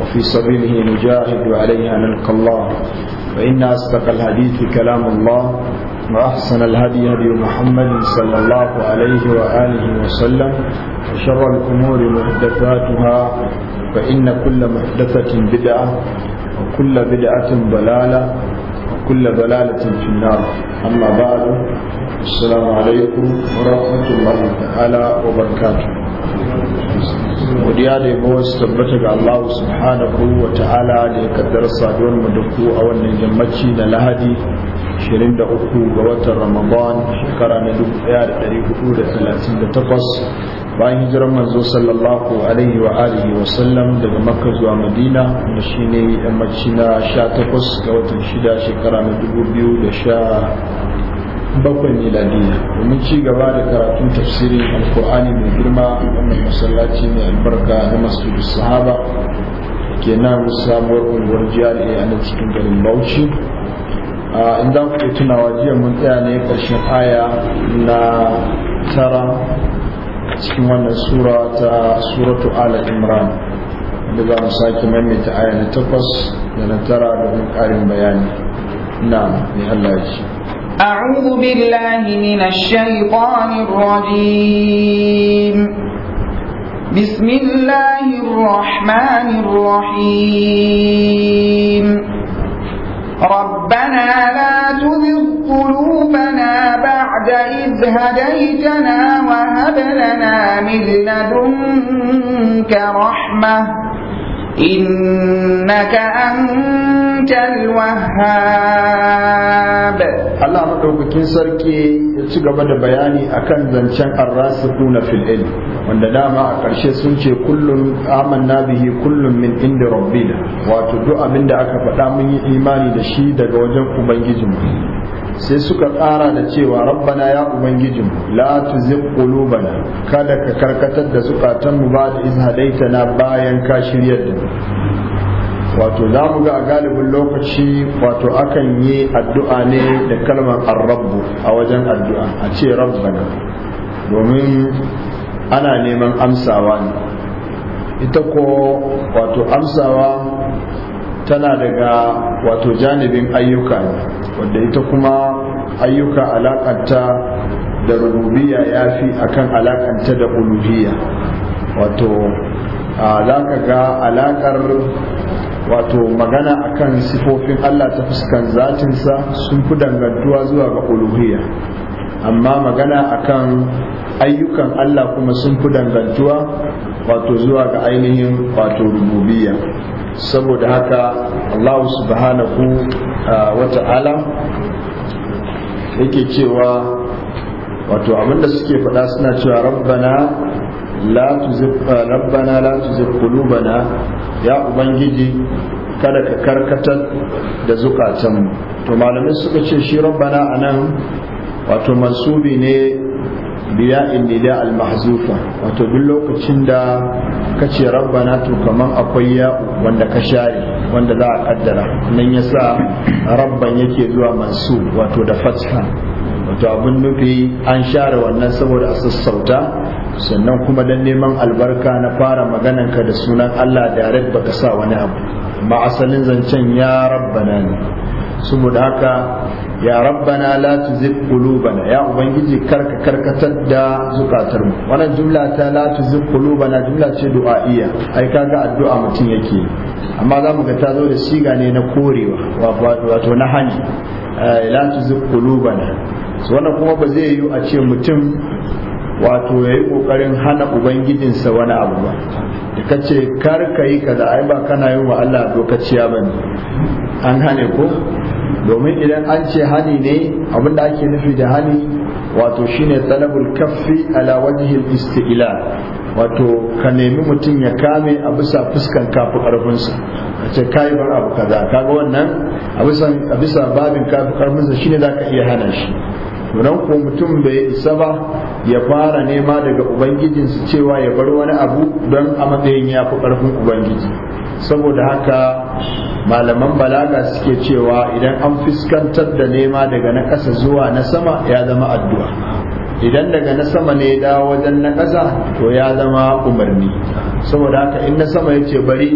وفي سبيله نجاهد وعليها نلقى الله فإن أصدق الحديث كلام الله وأحسن الهدي هدي محمد صلى الله عليه وآله وسلم وشر الأمور محدثاتها فإن كل محدثة بدعة وكل بدعة ضلالة وكل ضلالة في النار أما بعد السلام عليكم ورحمة الله تعالى وبركاته godiya da yabo su tabbata ga Allah subhanahu wa ta'ala da ya kaddara saduwar mu da ku a wannan jammaci na Lahadi 23 ga watan Ramadan shekara na 1438 bayan hijirar manzo sallallahu alaihi wa alihi wa sallam daga Makka zuwa Madina da shine yammaci na 18 ga watan 6 shekara na 2019 bakwai ne miladiya domin ci gaba da karatun tafsirin alkur'ani mai girma wannan masallaci mai albarka na masjidus sahaba ke nan samuwar unguwar jari'a a cikin garin bauchi in za ku tunawa jiya mun tsaya ne karshen aya na tara cikin wannan sura ta suratu ala imran da za mu sake maimaita aya na takwas da na tara domin ƙarin bayani na mai allah ya أعوذ بالله من الشيطان الرجيم بسم الله الرحمن الرحيم ربنا لا تذق قلوبنا بعد إذ هديتنا وهب لنا من لدنك رحمة Innaka antal wahhab Allah maɗaukakin sarki ya ci gaba da bayani akan zancen arrasiduna fil ilm wanda dama a ƙarshe sun ce kullum amanna bihi kullum min inda rabbina wato duk abin da aka faɗa mun yi imani da shi daga wajen ubangijinmu sai suka ƙara da cewa rabbana ya ubangijin la tuzigh qulubana kada ka karkatar da mu ba da iz na bayan ka shiryar da mu wato za mu ga a galibin lokaci wato akan yi addu'a ne da kalmar arrabu a wajen addu'a a ce rabbana domin ana neman amsawa ne ita ko wato amsawa tana daga wato janibin ayyuka wadda ita kuma ayyuka alakanta da rububiya ya fi akan alakanta da uluhiya wato za ga alakar wato magana akan sifofin Allah ta fuskan zatinsa sun fi dangantuwa zuwa ga uluhiya amma magana akan ayyukan Allah kuma sun fi dangantuwa wato zuwa ga ainihin wato rububiyya saboda haka Allah subhanahu ah, wa ta'ala yake cewa wato abinda suke faɗa suna cewa rabbana la tuzigh ah, rabbana la tuzigh qulubana ya ubangiji kada ka karkatar da zukatanmu to malamai suka ce shi rabbana anan wato mansubi ne biya inda al-mahzufa wato duk lokacin da kace ce rabbana to kaman akwai ya wanda ka share wanda za a kaddara nan yasa rabban yake zuwa mansu wato da fatha wato abin nufi an share wannan saboda a sassauta sannan kuma dan neman albarka na fara maganan ka da sunan Allah da ba baka sa wani abu ma asalin zancen ya rabbana ne saboda haka ya rabbana la tuzigh qulubana ya ubangiji karka karkatar da zukatar mu wannan jumla ta la tuzigh qulubana jumla ce du'a'iyya ai kaga addu'a mutum yake amma za mu ga ta zo da siga ne na korewa wato na hani eh, la tuzigh qulubana wannan kuma ba zai yiwu a ce mutum wato ya yi ƙoƙarin hana ubangijinsa wani abu ba da ka ce kar ka yi kaza ai ba kana yi wa Allah dokaciya ba an hane ko domin idan an ce hani ne abinda ake nufi da hani wato shine talabul kaffi ala wajhil isti'la wato ka nemi mutum ya kame a bisa fuskan kafi karfinsa a ce kai bar abu kaza kaga wannan a bisa babin kafi karfinsa shine zaka iya hana shi don ko mutum bai isa ba ya fara nema daga ubangijinsu cewa ya bar wani abu don a matsayin ya fi ƙarfin ubangiji saboda haka malaman balaga suke cewa idan an fuskantar da nema daga na ƙasa zuwa na sama ya zama addu'a idan daga na sama ne da wajen na ƙasa to ya zama umarni saboda haka in na sama ya ce bari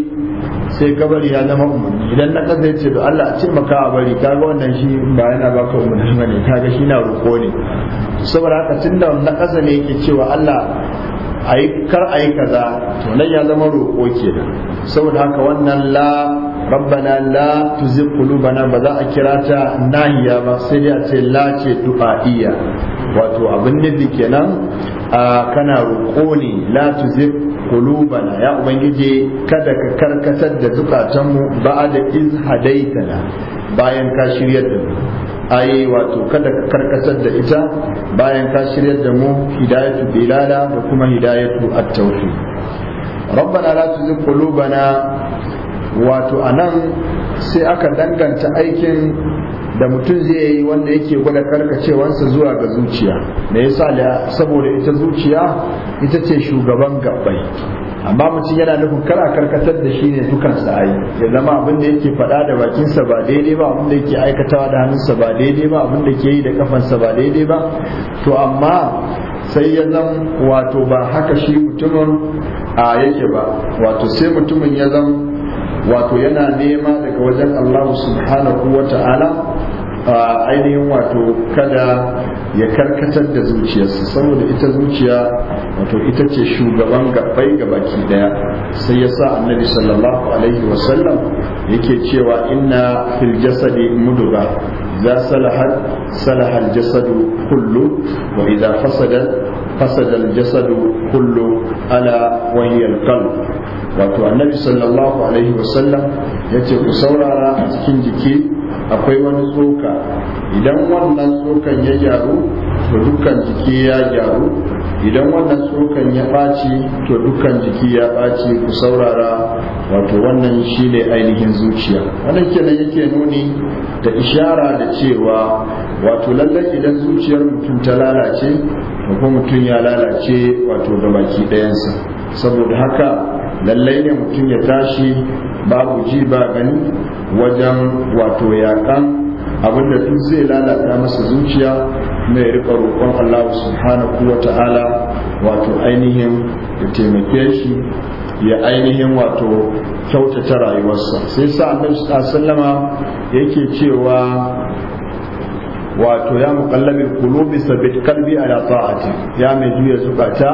sai ka bari ya zama umarni idan na ƙasa ya ce da Allah ce maka a bari kaga wannan shi ba yana baka umarni ba ne kaga shi na roƙo ne saboda haka tun da na ƙasa ne yake cewa Allah kar a yi kaza to nan ya zama roƙo kenan saboda haka wannan la ربنا la تزغ قلوبنا ba za a ما ta nahiya ba sai dai a ce la ce du'a'iyya wato abin nufi kenan kana roƙo ne la ya ubangiji kada ka karkatar da zukatanmu ba'da iz hadaitana bayan ka shiryar da mu ai wato kada ka karkatar da ita bayan ka shiryar da mu hidayatu bilala da kuma hidayatu at-tawfiq rabbana la tuzigh qulubana wato a nan sai aka danganta aikin da mutum zai yi wanda yake gwada karkacewarsa zuwa ga zuciya da ya sa saboda ita zuciya ita ce shugaban gabbai amma mutum yana nufin kara karkatar da shi ne dukansa ayi ya zama abin da yake faɗa da bakinsa ba daidai ba abin da yake aikatawa da hannunsa ba daidai ba abin da ke yi da kafansa ba daidai ba to amma sai ya zan wato ba haka shi mutumin a yake ba wato sai mutumin ya zan wato yana nema daga wajen Allah subhanahu wa ta'ala ainihin wato kada ya karkatar da zuciyarsa saboda ita zuciya wato ita ce shugaban gabbai baki daya sai ya sa annabi sallallahu alaihi wasallam yake cewa inna fil jasadi muduga za salahat salahal jasadu kullu wa idza fasada fasada al jasadu kullu ala wa hiya al qalb wato annabi sallallahu alaihi wasallam ya ce ku saurara a cikin jiki akwai wani tsoka idan wannan tsokan ya gyaru to dukkan jiki ya gyaru idan wannan tsokan ya ɓaci to dukkan jiki ya ɓaci ku saurara wato wannan shine ainihin zuciya wannan kenan yake nuni da ishara da cewa wato lallai idan zuciyar mutum ta lalace to mutum ya lalace wato baki ɗayansa saboda haka lallai ne mutum ya tashi babu ji ba gani wajen wato yakan abinda duk zai lalata masa zuciya mai rika roƙon Allah subhanahu wa ta'ala wato ainihin da taimake shi ya ainihin wato kyautata rayuwarsa sai sa annabi sallama yake cewa wato ya muqallabin qulubi sabit qalbi ala ta'ati ya mai juya zukata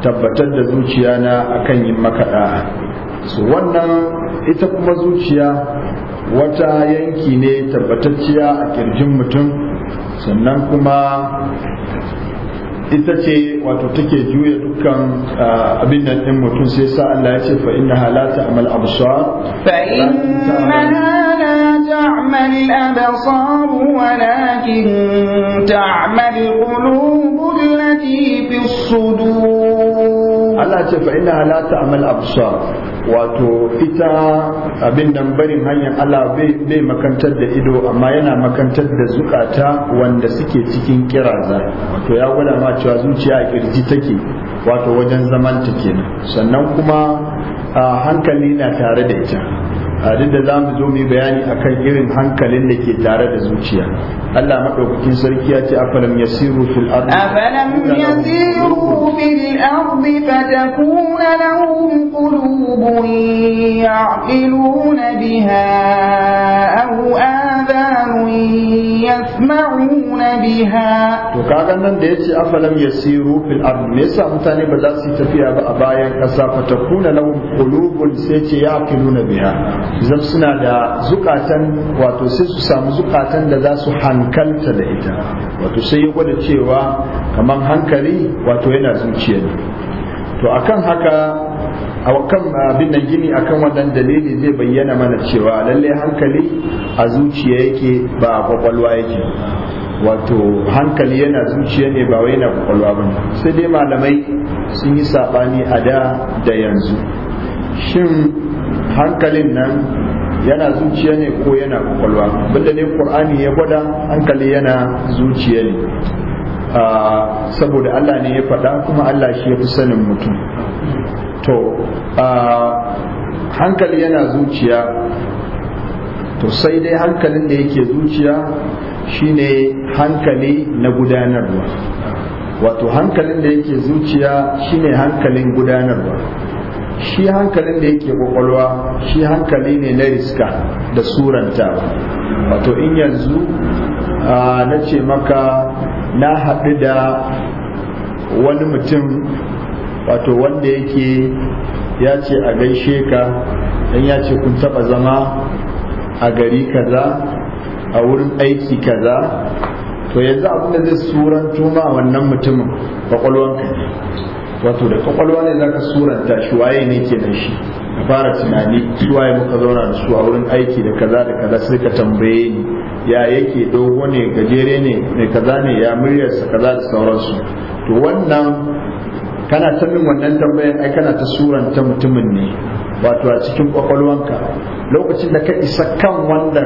tabbatar da zuciya na akan yin makaɗa. su wannan ita kuma zuciya wata yanki ne tabbatacciya a kirjin mutum sannan kuma ita ce wato take juya dukkan abin nan ɗin mutum sai sa Allah ya ce fa innaha la ta'mal absar fa تعمى الأبصار ولكن تعمى القلوب التي في الصدور الله فإنها لا تعمى الأبصار wato ita abin nan barin hanyar Allah bai makantar da ido amma yana makantar da zukata wanda suke cikin kiraza wato ya gwada ma cewa zuciya a kirji take wato wajen zaman ta kenan sannan kuma hankali na tare da ita duk da za mu zo mu bayani akan irin hankalin da ke tare da zuciya Allah madaukakin sarki ya ce afalam yasiru fil ardi afalam yasiru fil ardi fatakuna lahum qulubun ya'qiluna biha aw adhanun yasma'una biha to kaga nan da yace afalam yasiru fil ardi me yasa mutane ba za su yi tafiya ba a bayan kasa fatakuna lahum qulubun sai ce ya'qiluna biha zan suna da zukatan wato sai su samu zukatan da za su hankalta da ita wato sai ya gwada cewa kamar hankali wato yana zuciya ne to akan haka a kan abin nan gini akan wannan dalili zai bayyana mana cewa lallai hankali a zuciya yake ba a kwakwalwa yake wato hankali yana zuciya ne ba wai yana kwakwalwa ba sai dai malamai sun yi saɓani a da da yanzu shin hankalin nan yana zuciya ne ko yana kwakwalwa abinda ne qur'ani ya gwada hankali yana zuciya ne ah, saboda Allah ne ya faɗa kuma Allah shi ya fi sanin mutum to ah, hankali yana zuciya to sai dai hankalin da yake zuciya shine hankali na gudanarwa wato hankalin da yake zuciya shine hankalin gudanarwa shi hankalin da yake kwakwalwa shi hankali ne na riska da suranta wato in yanzu na ce maka na haɗu da wani mutum wato wanda yake ya ce a gaishe ka in ya ce kun taɓa zama a gari kaza a wurin aiki kaza to yanzu abin da zai suranto ma wannan mutumin kwakwalwanka wato da kwakwalwa ne zaka suranta shi waye ne da shi a fara tunani su waye muka zauna da su a wurin aiki da kaza da kaza sai ka tambaye ni ya yake dogo ne gajere ne mai kaza ne ya muryarsa kaza da sauransu to wannan kana ta wannan tambayan ai kana ta suranta mutumin ne wato a cikin kwakwalwanka lokacin da ka isa kan wanda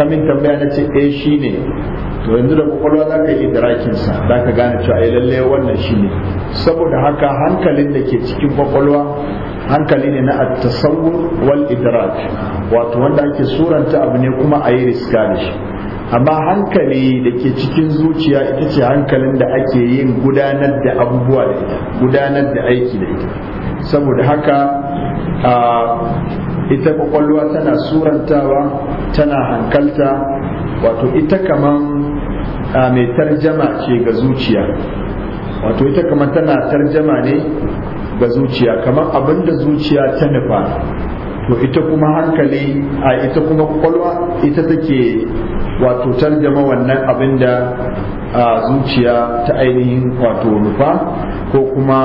kamin tambaya na ce eh shi ne to yanzu da kwakwalwa za ka yi idrakinsa za ka gane cewa ai eh, lalle wannan shi ne saboda haka hankalin da ke cikin kwakwalwa hankali ne na at-tasawwur wal idrak wato wanda ake suranta abu ne kuma a yi riska da shi amma hankali da ke cikin zuciya ita ce hankalin da ake yin gudanar da abubuwa da ita gudanar da aiki da ita saboda haka ah, ita kwakwalwa tana surantawa tana hankalta wato ita kaman mai tarjama ce ga zuciya wato ita kaman tana tarjama ne ga zuciya kaman abinda zuciya ta nufa to ita kuma hankali a ita kuma kwakwalwa ita take wato tarjama wannan abin a zuciya ta ainihin wato nufa ko kuma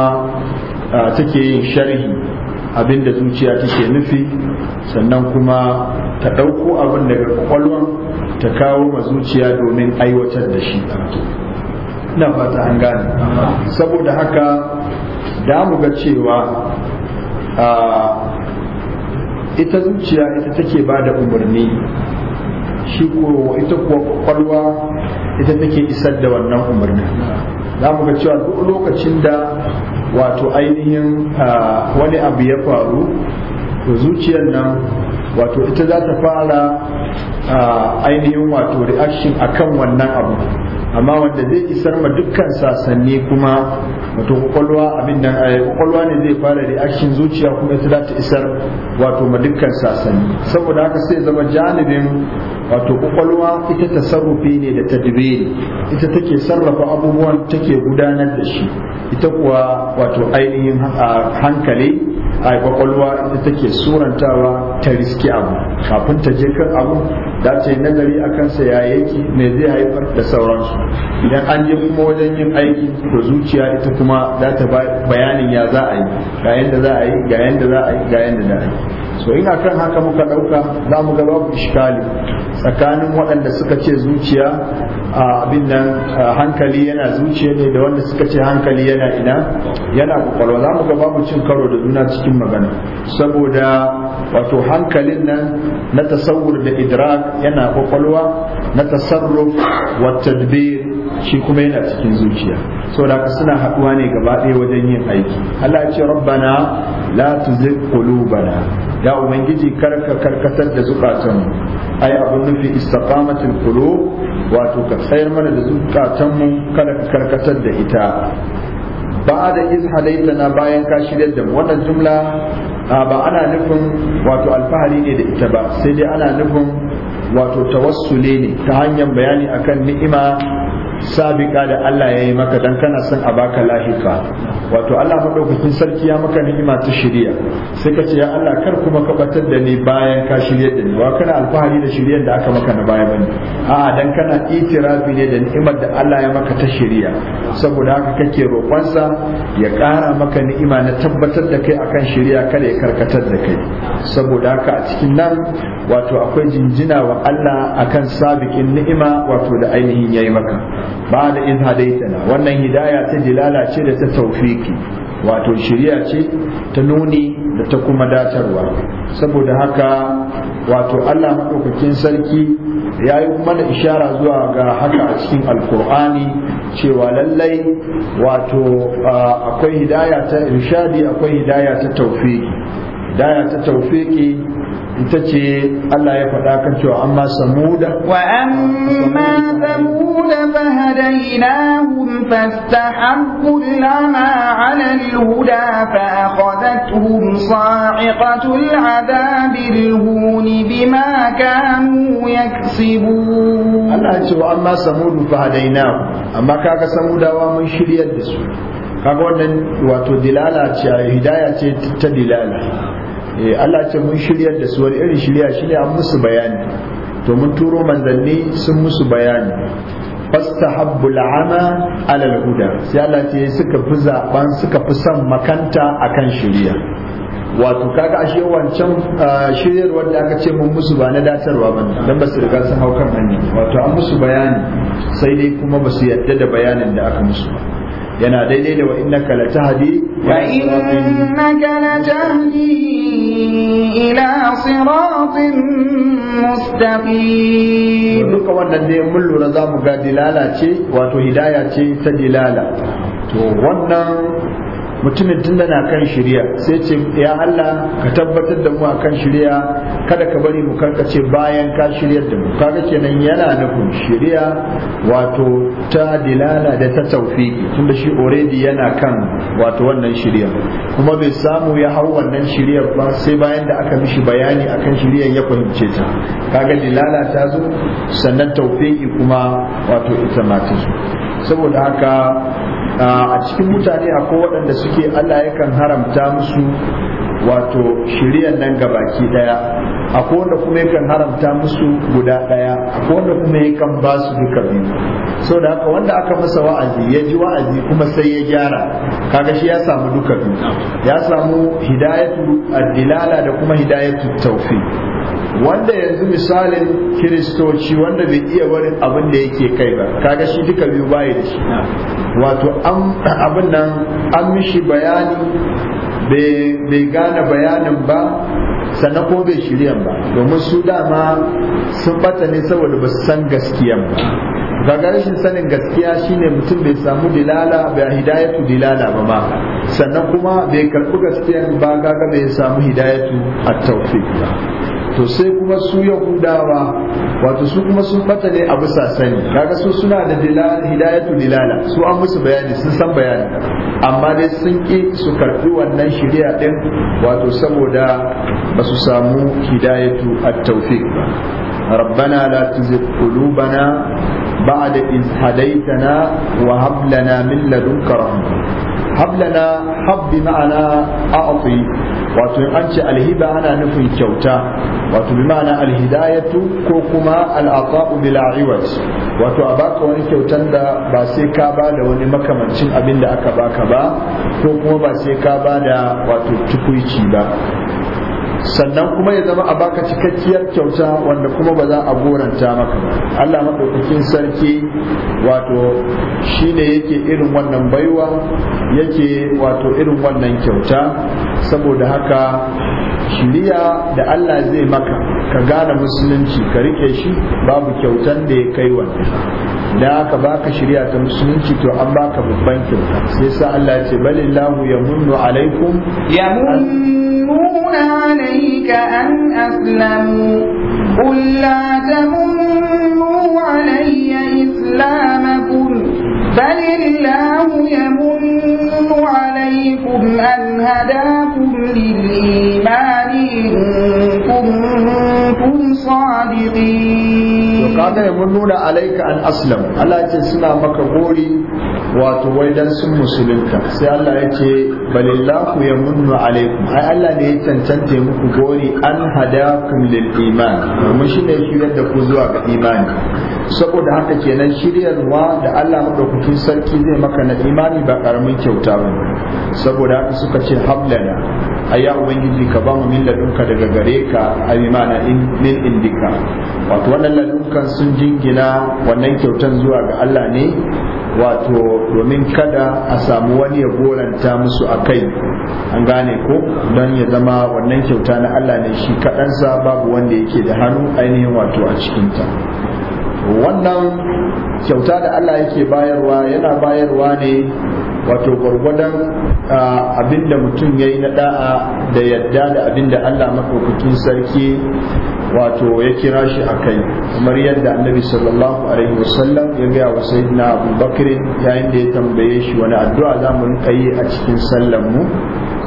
take yin sharhi abin da zuciya take nufi sannan kuma ta ɗauko abin daga kwakwalwan ta kawo ma zuciya domin aiwatar da shi na fata an gane saboda haka da mu ga cewa ita zuciya ita take ba da umarni shi ko ita kuwa kwakwalwa ita take isar da wannan umarni za mu ga cewa duk lokacin da wato ainihin wani abu ya faru to zuciyar nan wato ita za ta fara ainihin wato reaction akan wannan abu amma wanda zai isar ma dukkan sasanni kuma wato kwakwalwa abin da eh, kwakwalwa ne zai fara reaction zuciya kuma ita za ta isar wato ma dukkan sasanni saboda haka sai zama janibin wato kwakwalwa ita ta tasarrufi ne da tadbiri ita take sarrafa abubuwan take gudanar da shi ita kuwa wato ainihin hankali a kwakwalwa ita take surantawa ta riski abu kafin ta je kan abu da ta yi nazari a kansa ya yake mai zai haifar da sauransu idan an je kuma wajen yin aiki to zuciya ita kuma za ta bayanin ya za a yi ga yadda za a yi ga yadda za a yi ga yadda za a yi so ina kan haka muka ɗauka za mu ga babu ishkali tsakanin waɗanda suka ce zuciya abin nan hankali yana zuciya ne da wanda suka ce hankali yana ina yana kwakwalwa za mu ga babu cin karo da juna cikin magana saboda wato hankalin nan na tasawur da idrak yana kwakwalwa na tasarruf wa tadbir shi kuma yana cikin zuciya saboda ka suna haɗuwa ne gaba ɗaya wajen yin aiki Allah ya ce rabbana la tuzigh qulubana ya ubangiji karka karkatar da zukatan ay abun nufi istiqamatul qulub wato ka tsayar mana da zukatan mu karka ka karkatar da ita da iz halaitana bayan ka shirya da wannan jumla ba ana nufin wato alfahari ne da ita ba sai dai ana nufin wato tawassule ne ta hanyar bayani akan ni'ima Sabika da Allah ya yi maka dan kana son a baka lahifa wato Allah madaukakin sarki ya maka ni'ima ta shiriya sai ka ce ya Allah kar kuma ka batar da ni bayan ka shirya da ni wa kana alfahari da shirya da aka maka na baya bane a'a dan kana itirafi ne da ni'imar da Allah ya maka ta shirya saboda haka kake roƙonsa ya ƙara maka ni'ima na tabbatar da kai akan shirya kada ya karkatar da kai saboda haka a cikin nan wato akwai jinjina wa Allah akan sabikin ni'ima wato da ainihin ya yi maka ba da iz hadaitana wannan hidaya ta dilala ce da ta taufiki wato shirya ce ta nuni da ta kuma datarwa saboda haka wato Allah maɗaukakin sarki ya yi mana ishara zuwa ga haka a cikin alkur'ani cewa lallai wato akwai hidaya ta irshadi akwai hidaya ta taufiki daya ta tawfiki ita ce Allah ya faɗa kan cewa amma samuda wa amma samuda fa hadainahum fastahabbu lama 'ala al-huda fa akhadathum sa'iqatu al-'adabi al-hun bima kanu yaksibun Allah ya ce wa amma samudu fa hadainahum amma kaga samudawa mun shiryar da su kaga wannan wato dilala ce hidaya ce ta dilala Eh, Allah ce mun shirya da su wani irin shirya ne an musu bayani to mun turo manzanni sun musu bayani fastahabbu al'ama ala al-huda sai Allah ce suka fi zaban suka fi son makanta akan shirya wato kaga ashe wancan ah, shiryar wanda aka ce mun musu ba na datarwa ba dan ba riga sun hau kan hanya wato an musu bayani sai dai kuma basu su yadda da bayanin da aka musu ba yana daidai da wa innaka la tahdi wa innaka la tahdi ila siratin mustaqim duka wannan ne mun lura zamu ga dilala ce wato hidaya ce ta dilala to wannan mutumin tun na kan shirya sai ce ya Allah ka tabbatar da mu a kan shirya kada ka bari mu karkace bayan ka shiryar da mu kaga kenan yana nufin shirya wato ta dilala da ta tawfiki tunda shi already yana kan wato wannan shirya kuma bai samu ya hau wannan shiryar ba sai bayan da aka mishi bayani akan shiryar ya fahimce ta kaga dilala ta zo sannan tawfiki kuma wato ita ma ta zo saboda haka a cikin mutane akwai waɗanda suke Allah yakan haramta musu wato shirya nan ga baki daya akwai wanda kuma yakan haramta musu guda daya akwai wanda kuma yakan ba su duka biyu so da haka wanda aka masa wa'azi ya ji wa'azi kuma sai ya gyara kaga shi ya samu duka biyu ya samu hidayatu ad-dilala da kuma hidayatu tawfiq wanda yanzu misalin kiristoci wanda bai iya barin abin da yake kai ba kaga shi duka biyu baya da shi wato abin nan an mishi bayani bai gane bayanin ba sannan ko bai shiryan ba domin su dama sun bata ne saboda ba su san gaskiyan ba daga rashin sanin gaskiya shine mutum bai samu dilala bai hidayatu dilala ba ma sannan kuma bai karɓi gaskiyan ba gaga bai samu hidayatu a tawfiq ba to sai kuma su yahudawa wato su kuma sun bata ne a bisa sani kaga su suna da hidayatu dilala su an musu bayani sun san bayani amma dai sun ki su karɓi wannan shari'a din wato saboda ba su samu hidayatu at-tawfiq ربنا لا تزغ قلوبنا بعد إذ هديتنا وهب لنا من لدنك رحمة هب لنا حب بمعنى أعطي wato in an ce alhiba ana nufin kyauta wato bi ma'ana alhidayatu ko kuma al'ata'u bil iwaj wato a baka wani kyautan da ba sai ka ba da wani makamancin abin da aka baka ba ko kuma ba sai ka ba da wato tukuici ba sannan kuma ya zama a baka cikakkiyar kyauta wanda kuma ba za a goranta maka Allah maɗaukakin sarki wato shi ne yake irin wannan baiwa yake wato irin wannan kyauta saboda haka shiriya da Allah zai maka ka gane musulunci ka rike shi babu kyautan da ya kai wannan da aka baka shiriya ta musulunci to an baka babban kyauta sai sa Allah ya ce balillahu yamunnu alaikum yamunnuna alayka an aslamu qul la tamunnu alayya islamakum بل الله يمن عليكم أن هداكم للإيمان إن كنتم صادقين kaga ya nuna alaika an aslam Allah ce suna maka gori wato wai dan sun musulunta sai Allah ya ce balillahu ya munnu alaikum ai Allah ne ya cancanta muku gori an hadakum lil iman kuma shi ne shiryar da ku zuwa ga imani saboda haka kenan shiryarwa da Allah madaukakin sarki zai maka na imani ba karamin kyauta ba saboda haka suka ce hablana ayya ubangiji ka ba mu milladunka daga gare ka alimana min indika wato wannan ladunkan sun jingina wannan kyautan zuwa ga Allah ne wato domin kada a samu wani ya goranta musu a kai an gane ko don ya zama wannan kyauta na Allah ne shi kaɗansa babu wanda yake da hannu ainihin wato a cikinta wannan kyauta da Allah yake bayarwa yana bayarwa ne wato gwargwadon abinda mutum ya yi na da'a da yadda da abinda Allah maɗaukakin sarki wato ya kira shi a kai kamar yadda annabi sallallahu alaihi wasallam ya gaya wa sayyidina abu bakr yayin da ya tambaye shi wani addu'a za mu rika yi a cikin sallan mu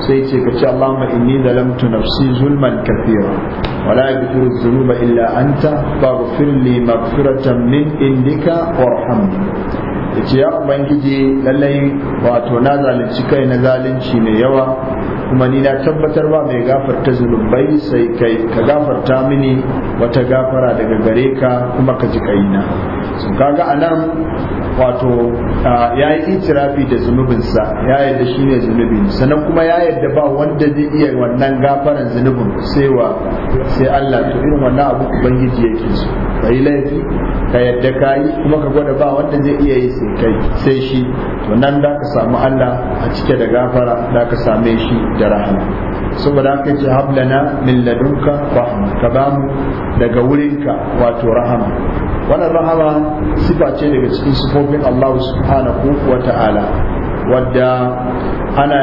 sai ce ka ce Allahumma inni zalamtu nafsi zulman kafira wa la yaghfiru dhunuba illa anta faghfir maghfiratan min indika warhamni ce ya ubangiji lallai wato na zalunci kai na zalunci mai yawa kuma ni na tabbatar ba mai gafarta zunubai sai kai ka gafarta mini wata gafara daga gare ka kuma ka ji kaina sun kaga anan wato ya yi itirafi da zunubinsa ya yadda shi ne zunubin sannan kuma ya yarda ba wanda zai iya wannan gafaran zunubin sai wa sai Allah to irin wannan abu ubangiji yake so ka yi laifi ka yadda ka yi kuma ka gwada ba wanda zai iya yi sai kai sai shi to nan da ka samu Allah a cike da gafara da ka same shi da rahama saboda haka ce hablana min ladunka rahma ka ba mu daga wurinka wato rahama wannan rahama sifa ce daga cikin sifofin Allah subhanahu wa ta'ala wadda ana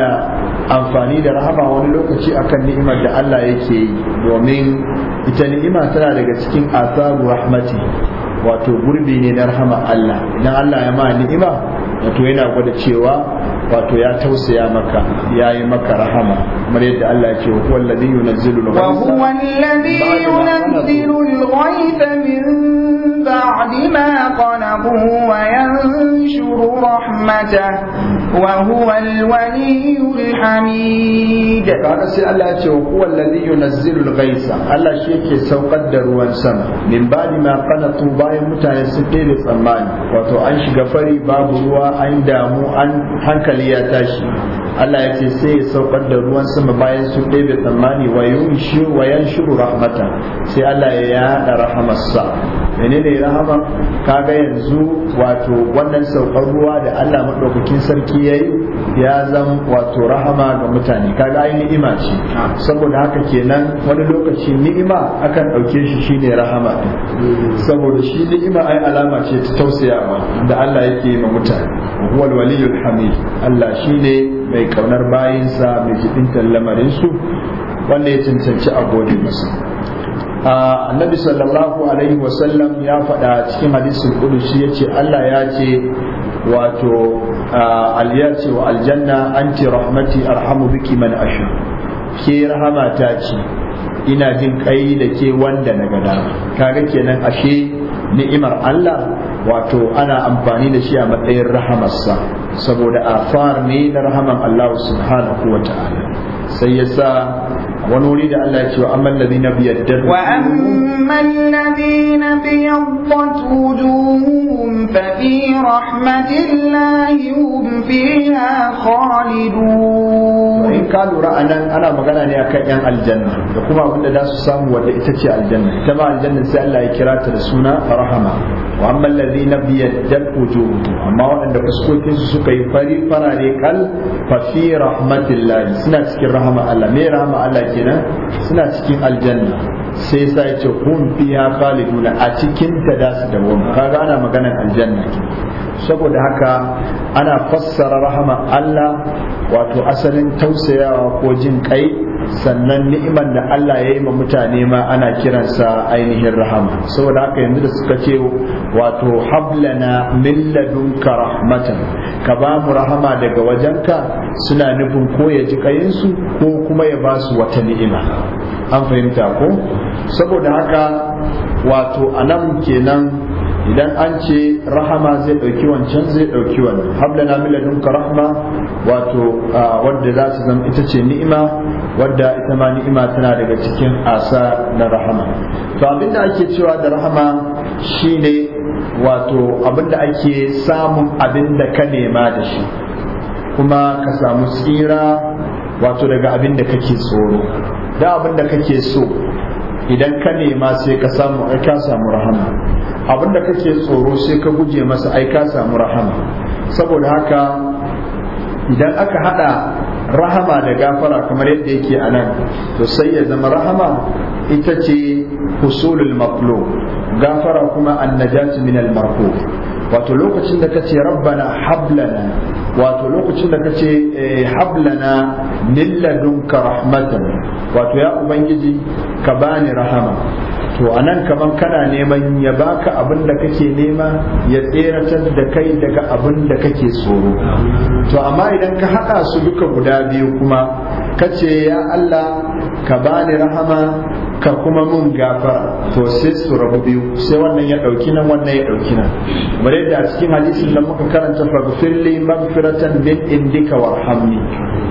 amfani da rahama wani lokaci akan ni'imar da Allah yake yi domin ita ni'ima tana daga cikin asabu rahmati wato gurbi ne na rahama Allah idan Allah ya ma ni'ima wato yana gwada cewa wato ya tausaya maka ya yi maka rahama kamar yadda Allah ya ce wa huwa alladhi yunazzilu al-ghaytha min بعد ما قلبوا وينشر رحمته وهو الولي الحميد قال سي الله هو الذي ينزل الغيث الله شي yake saukar da ruwan sama min ba'di ma bayan mutane sun daina tsammani wato an shiga fari babu ruwa an damu an hankali ya tashi Allah ya ce sai ya saukar da ruwan sama bayan sun daina tsammani wa yunshi wa yanshuru rahmata sai Allah ya yada rahamarsa menene mai rahama kaga yanzu wato wannan saukar ruwa da Allah madaukakin sarki yayi ya zama wato rahama ga mutane kaga ai ni'ima ce saboda haka kenan wani lokaci ni'ima akan ɗauke shi shine rahama saboda shi ni'ima ai alama ce ta tausayawa da Allah yake yi ma mutane huwal waliyul hamid Allah shine mai kaunar bayinsa mai jibintar lamarin su wanda ya cancanci a gode masa annabi sallallahu alaihi wasallam ya faɗa cikin hadisin kudushi ya ce Allah ya ce wato aliyar wa aljanna anti rahmati arhamu biki man asha ke rahama ta ce ina jin kai da ke wanda na gada kaga kenan ashe ni'imar Allah wato ana amfani da shi a matsayin rahamarsa saboda afar ne na rahaman Allah subhanahu wa ta'ala sai ya sa wani wuri da Allah ya ce wa amman ladina biyaddatu wa amman ladina biyaddat wujuhum fa fi rahmatillahi hum fiha khalidun in ka lura ana magana ne akan yan aljanna da kuma abin za su samu wanda ita ce aljanna ita ma aljanna sai Allah ya kira ta da suna rahama wa amman ladina biyaddat wujuhum amma waɗanda fuskokin su suka yi fari farare kal fa rahmatillahi suna cikin rahama Allah me rahama Allah kenan suna cikin aljanna sai sa ya ce hum fiha khaliduna a cikin ta da su da wani kaga ana magana aljanna saboda haka ana fassara rahama Allah wato asalin tausayawa ko jin kai sannan ni'imar da Allah ya yi ma mutane ma ana kiransa ainihin rahama saboda haka yanzu da suka ce wato hablana min ladunka rahmatan ka ba mu rahama daga wajenka suna nufin ko ya ji kayinsu ko kuma ya ba su wata ni'ima an fahimta ko saboda haka wato anan kenan idan an ce rahama zai ɗauki wancan zai ɗauki wannan na mila dunka rahama, wato wadda za su zama ita ce ni'ima wadda ita ma ni'ima tana daga cikin asa na rahama to abin da ake cewa da rahama shine wato abin da ake samun abin da ka nema da shi kuma ka samu tsira wato daga abin da kake tsoro da abin da kake so idan ka nema sai ka samu ai ka samu rahama abinda kake tsoro sai ka guje masa ai ka samu rahama saboda haka idan aka hada rahama da gafara kamar yadda yake a nan to sai ya zama rahama ita ce husulul maqlub gafara kuma annajatu min al wato lokacin da kace rabbana hablana wato lokacin da kace eh, hablana min ladunka rahmatan wato ya ubangiji ka bani rahama to anan kaman kana neman ya baka abin da kake nema ya tseratar da kai daga abin da kake tsoro to amma idan ka haɗa su duka guda biyu kuma kace ya Allah ka bani rahama ka kuma mun gafara to sai su rabu biyu sai wannan ya dauki nan wannan ya dauki nan bare da cikin hadisin da muka karanta faghfirli maghfiratan min indika warhamni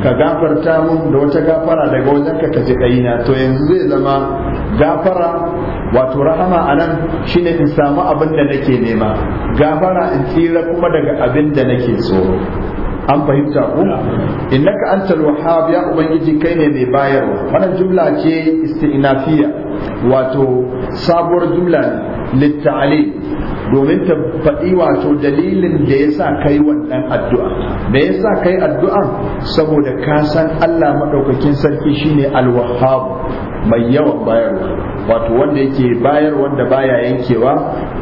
ka gafarta mun da wata gafara daga wajen ka ji na, to yanzu zai zama gafara wato rahama anan shine in samu abin da nake nema gafara in tsira kuma daga abin da nake tsoro an fahimta ku innaka antal wahhab ya ubangiji kai ne mai bayarwa wannan jumla ce istinafiya wato sabuwar jumla ne litta'ali domin ta faɗi wato dalilin da ya sa kai wannan addu'a da ya sa kai addu'a saboda ka san Allah maɗaukakin sarki shine alwahabu mai yawan bayarwa wato wanda yake bayar wanda baya yankewa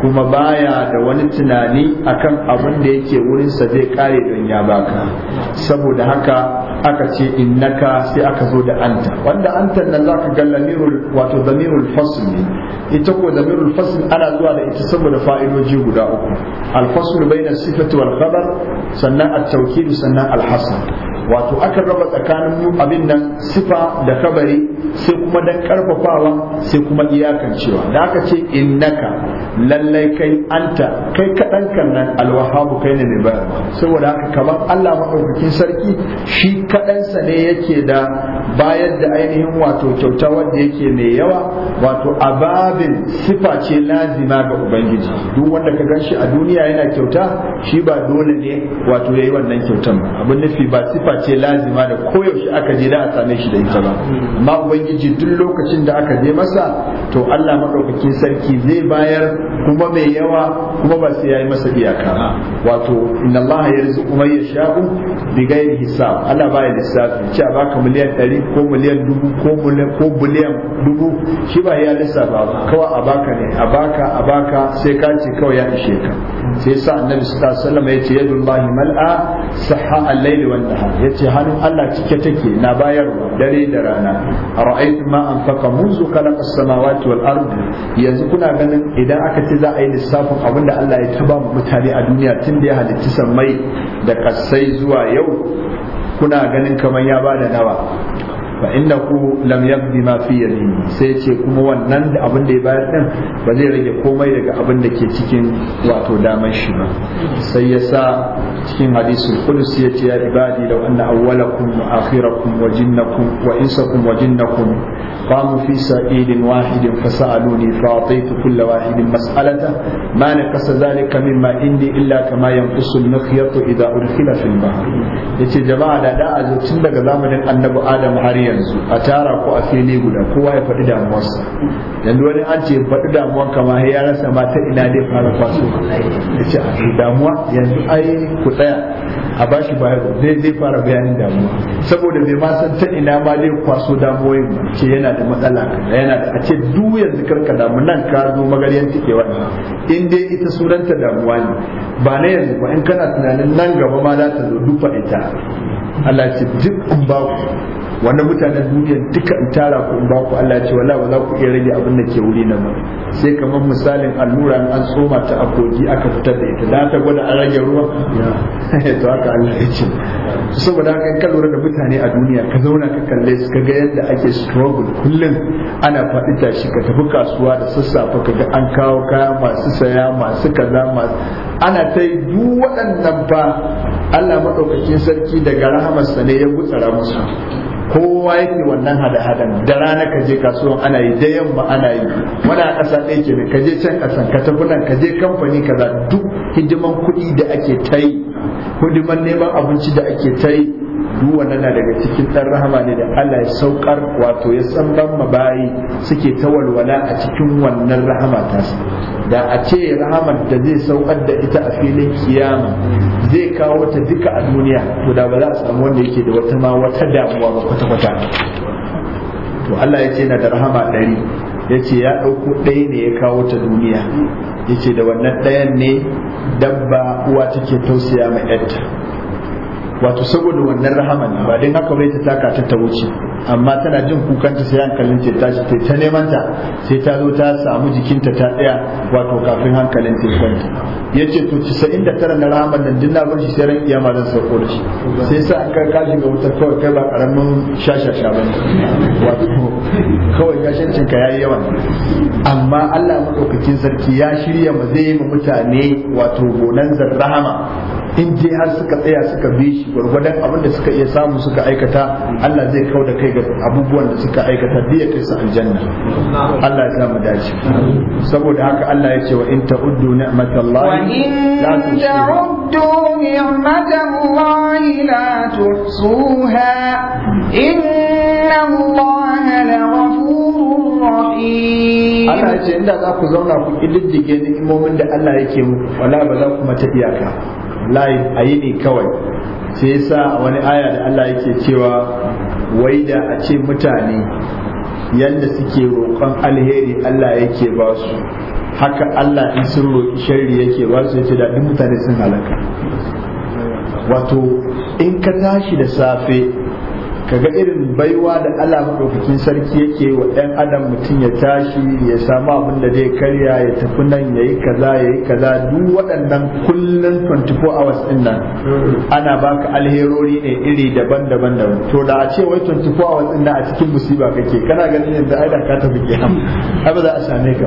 kuma baya da wani tunani akan abin da yake wurinsa zai kare don ya baka saboda haka aka ce innaka sai aka zo da anta wanda anta nan ka ga lamirul wato damirul fasl ne ita ko damirul fasl ana zuwa da ita saboda fa'idoji guda uku al fasl baina sifati wal khabar sannan at tawkid sannan al hasr wato akan raba tsakanin mu abin nan sifa da kabari sai kuma dan karfafawa sai kuma iyakancewa da aka ce innaka lallai kai anta kai kaɗan kan nan alwahabu kai ne mai saboda haka kamar Allah maɗaukakin sarki shi kaɗansa ne yake da bayar da ainihin wato kyauta wanda yake mai yawa wato ababin sifa ce lazima ga ubangiji duk wanda ka ganshi a duniya yana kyauta shi ba dole ne wato yayi wannan kyautan ba abin nufi ba sifa ce lazima da koyaushe aka je da a same shi da ita ba amma ubangiji duk lokacin da aka je masa to Allah madaukakin sarki zai bayar kuma mai yawa kuma ba sai yayi masa iyaka wato inna Allah yarzuqu man yasha'u bi hisab Allah ba ya lissafi cewa baka miliyan 100 ko miliyan dubu ko miliyan ko biliyan dubu shi ba ya lissafa ba kawai a baka ne a baka a baka sai ka ce kawai ya ishe ka sai sa annabi sallallahu alaihi wasallam ya ce yadullahi mal'a sahha al layl wan nahar ya ce hannun Allah cike take na bayar dare da rana a ra'aytu ma faka munzu khalaqa as-samawati wal ardi yanzu kuna ganin idan aka ce za a yi lissafin abin da Allah ya mu mutane a duniya tun da ya halitta sammai da kasai zuwa yau kuna ganin kamar ya ba da nawa fa ku lam yabdi ma fi yadi sai ce kuma wannan da abin da ya bayar din ba zai rage komai daga abin da ke cikin wato damar shi ba sai ya sa cikin hadisul qudsi ya ce ya ibadi law anna awwalakum wa akhirakum wa jinnakum wa insakum wa jinnakum قاموا في سعيد واحد فسألوني فأعطيت كل واحد مسألة ما نقص ذلك مما عندي إلا كما ينقص النخيط إذا أدخل في البحر yace jama'a da da zo tun daga zamanin annabi adam har yanzu a tara ko a fili guda kowa ya faɗi damuwarsa yanzu wani an ce faɗi damuwar kama ya rasa ma ina dai fara damuwa yanzu ai ku tsaya a bashi dai zai fara bayanin damuwa saboda bai ma san ta ina ma zai kwaso damuwoyin ba ce yana da matsala yana da a ce duk yanzu karka damu nan ka zo magaryan take wannan in dai ita sunanta damuwa ne ba na yanzu ba in kana tunanin nan gaba ma za ta zo dufa ita Allah ce duk ba wannan mutanen duniya duka in tara ku in ba ku Allah ya ce wala ba za ku iya rage abin da ke wuri nan ba sai kamar misalin allura an tsoma ta a kogi aka fitar da ita da ta gwada an rage ruwa to haka Allah ya ce saboda haka ka da mutane a duniya ka zauna ka kalle su ka ga yadda ake struggle kullum ana faɗi tashi ka tafi kasuwa da sassafe ka ga an kawo kaya masu saya masu kaza masu ana ta yi duk waɗannan ba Allah maɗaukakin sarki daga rahamarsa ne ya gutsara musu kowa yake wannan hada-hadan da rana ka je kasuwan ana yi da yamma ana yi wani ƙasa ɗaya ke ka je can ƙasan ka tafi nan ka je kamfani kaza duk hidiman kuɗi da ake ta yi hidiman neman abinci da ake ta yi duk wannan na daga cikin dan rahama ne da Allah ya saukar wato ya san ban bayi suke tawalwala a cikin wannan rahama ta da a ce rahamar da zai saukar da ita a filin kiyama zai kawo ta duka a duniya to da ba za a samu wanda yake da wata ma wata damuwa ba kwata-kwata to Allah ya ce na da rahama ɗari ya ce ya ɗauko ɗaya ne ya kawo ta duniya ya ce da wannan ɗayan ne dabba uwa take tausaya ma 'yarta wato saboda wannan rahama ne ba dan haka bai ta taka ta ta wuce amma tana jin kukanta sai hankalin ta tashi ta ta neman ta sai ta zo ta samu jikinta ta tsaya wato kafin hankalin ta kwanta yace to 99 na rahaman nan din na bar shi sai ran kiyama zan sauko shi sai sa an kai kashi ga wutar kawai kai ba karamin shashasha ba wato kawai gashancin ka yayi yawa amma Allah madaukakin sarki ya shirya ma zai yi mutane wato gonan zarrahama in je har suka tsaya suka bi shi gwargwadon abin da suka iya samu suka aikata Allah zai kau da kai ga abubuwan da suka aikata ya kai su aljanna Allah ya samu dace saboda haka Allah ya ce wa in ta'uddu ni'matallahi in ta'uddu ni'matallahi la tuhsuha inna Allaha la rahim Allah ya ce inda za ku zauna ku kididdige ni'imomin da Allah yake muku wala ba za ku mata iyaka live a yi ne kawai sai yasa wani aya da Allah yake cewa wai da a ce mutane yadda suke roƙon alheri Allah yake ba su haka Allah in sun roƙi sharri yake ba su yace daɗin mutane sun halaka wato in ka tashi da safe kaga irin baiwa da Allah madaukakin sarki yake wa ɗan adam mutum ya tashi ya samu abin da zai karya ya tafi nan ya yi kaza ya yi kaza duk waɗannan kullum 24 hours ɗin nan ana baka alherori ne iri daban-daban daban to da a ce wai 24 hours ɗin nan a cikin musiba kake kana ganin yanzu ai da ka tafi kiyam ai ba za a same ka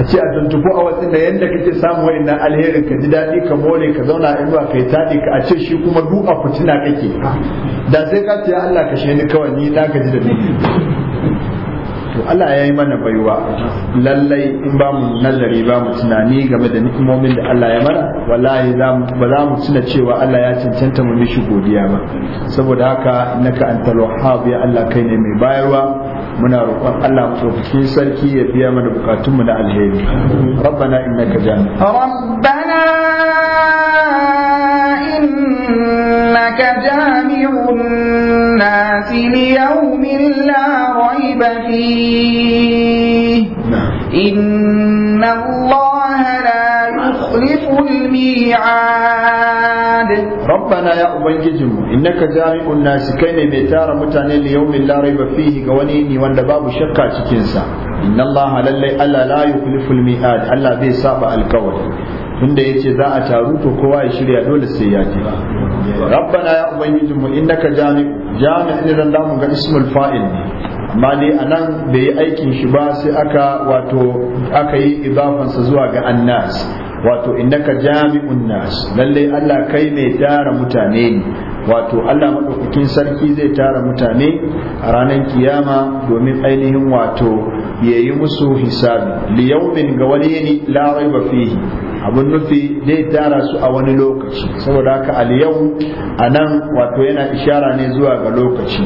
a ce a 24 hours ɗin nan yanda kake samu waɗannan alherin ka ji daɗi ka more ka zauna a inuwa ka yi taɗi ka a ce shi kuma duk a fitina kake da sai ka ce Allah kashe ni kawai ni na gaji da ni to Allah ya yi mana baiwa lallai in ba mu nazari ba mu tunani game da ni'imomin da Allah ya mana wallahi ba za mu tuna cewa Allah ya cancanta mu mishi godiya ba saboda haka naka antal wahhab ya Allah kai ne mai bayarwa muna roƙon Allah mutaukakin sarki ya biya mana bukatun mu na alheri rabbana innaka jami rabbana innaka jami'un الناس ليوم لا ريب فيه نعم. إن الله لا يخلف الميعاد ربنا يا أبنجزم إنك جامع الناس كين بيتار متاني ليوم لا ريب فيه قوانيني وان باب شكا تكنسا إن الله للي ألا لا يخلف الميعاد ألا بيصاب الكون tunda yace za a taru to kowa ya shirya dole sai ya je rabbana ya ubangiji mu innaka jami jami ne dan zamu ga ismul fa'il amma dai anan bai yi aikin shi ba sai aka wato aka yi sa zuwa ga annas wato innaka jami'un nas lalle Allah kai mai tara mutane ne wato Allah madaukakin sarki zai tara mutane a ranar kiyama domin ainihin wato yayi musu hisabi li ga wani ne la raiba fihi Abin nufi zai tara su a wani lokaci saboda haka aliyau a nan wato yana ishara ne zuwa ga lokaci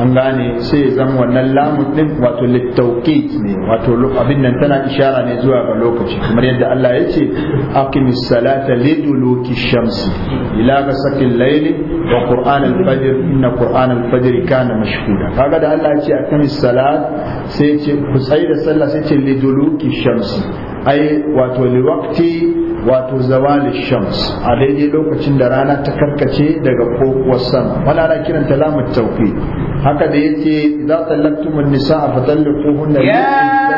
an gane sai zan wannan lamun din wato littauki ne wato abin nan tana ishara ne zuwa ga lokaci kamar yadda Allah ya ce aqimis salata liduluki shamsi ila ghasaqil layli wa qur'an al-fajr inna qur'an al-fajr kana mashhuda kaga da Allah ya ce aqimis salat sai ya ce ku tsaya da sallah sai ya ce liduluki shamsi ai wato liwakti wato zawali shams a daidai lokacin da rana ta karkace daga kokowar sama wani ana kiran ta lamun tauki haka da yace idza tallaqtum an-nisa fa talliquhunna ya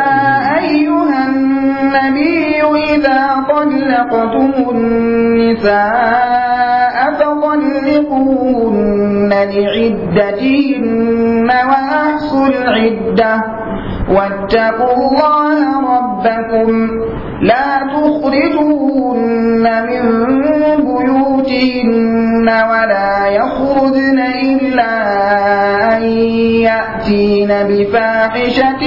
ayyuhan النبي إذا طلقتم النساء فطلقوهن لعدتهن وأحصوا العدة واتقوا الله ربكم لا تخرجوهن من بيوتهن ولا يخرجن إلا أن يأتين بفاحشة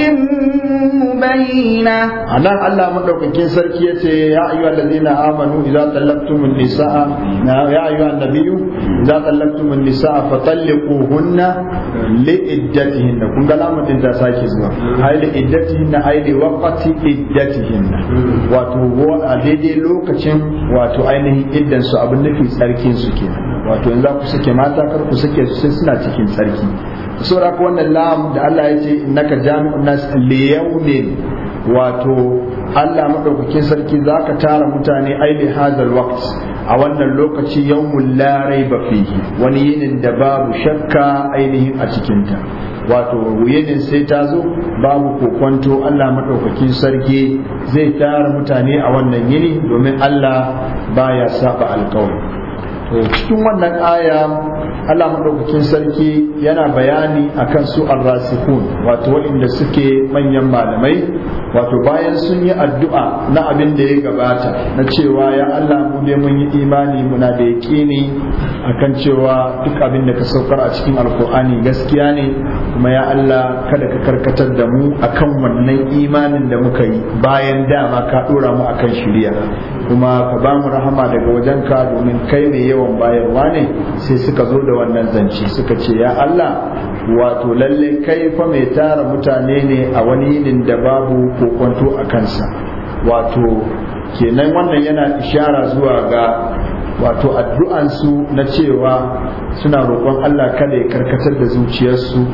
مبينة أنا ألا من لو كنت سركية يا أيها الذين آمنوا إذا طلقتم النساء يا أيها النبي إذا طلقتم النساء فطلقوهن لإدتهن كنت لا متنتا ساكي ai iddati na ai da waqati wato a daidai lokacin wato ainihin iddan su abin nufi tsarkin su ke wato yanzu ku suke mata kar ku suke su sai suna cikin tsarki saboda ko wannan lam da Allah ya ce innaka jami'un nas liyawmin wato Allah madaukakin sarki ka tara mutane aili hazal waqt a wannan lokaci yawmul la raiba fihi wani yinin da babu shakka ainihin a cikinta wato yinin sai ta zo babu kokwanto Allah maɗaukakin sarki zai tara mutane a wannan yini domin Allah baya saba alkawari cikin wannan aya Allah madaukakin sarki yana bayani akan su al rasikun wato waɗanda suke manyan malamai wato bayan sun yi addu'a na abin da ya gabata na cewa ya Allah mu dai mun yi imani muna da yaƙini akan cewa duk abin da ka saukar a cikin alkur'ani gaskiya ne kuma ya Allah kada ka karkatar da mu akan wannan imanin da muka yi bayan dama ka ɗora mu akan shiriya kuma ka ba mu rahama daga wajen ka domin kai ne yawan bayarwa ne sai suka zo da wannan zance suka ce ya Allah wato lalle kai fa mai tara mutane ne a wani yinin da babu kokonto a kansa wato kenan wannan yana ishara zuwa ga wato addu'ansu na cewa suna roƙon Allah kada ya karkatar da zuciyarsu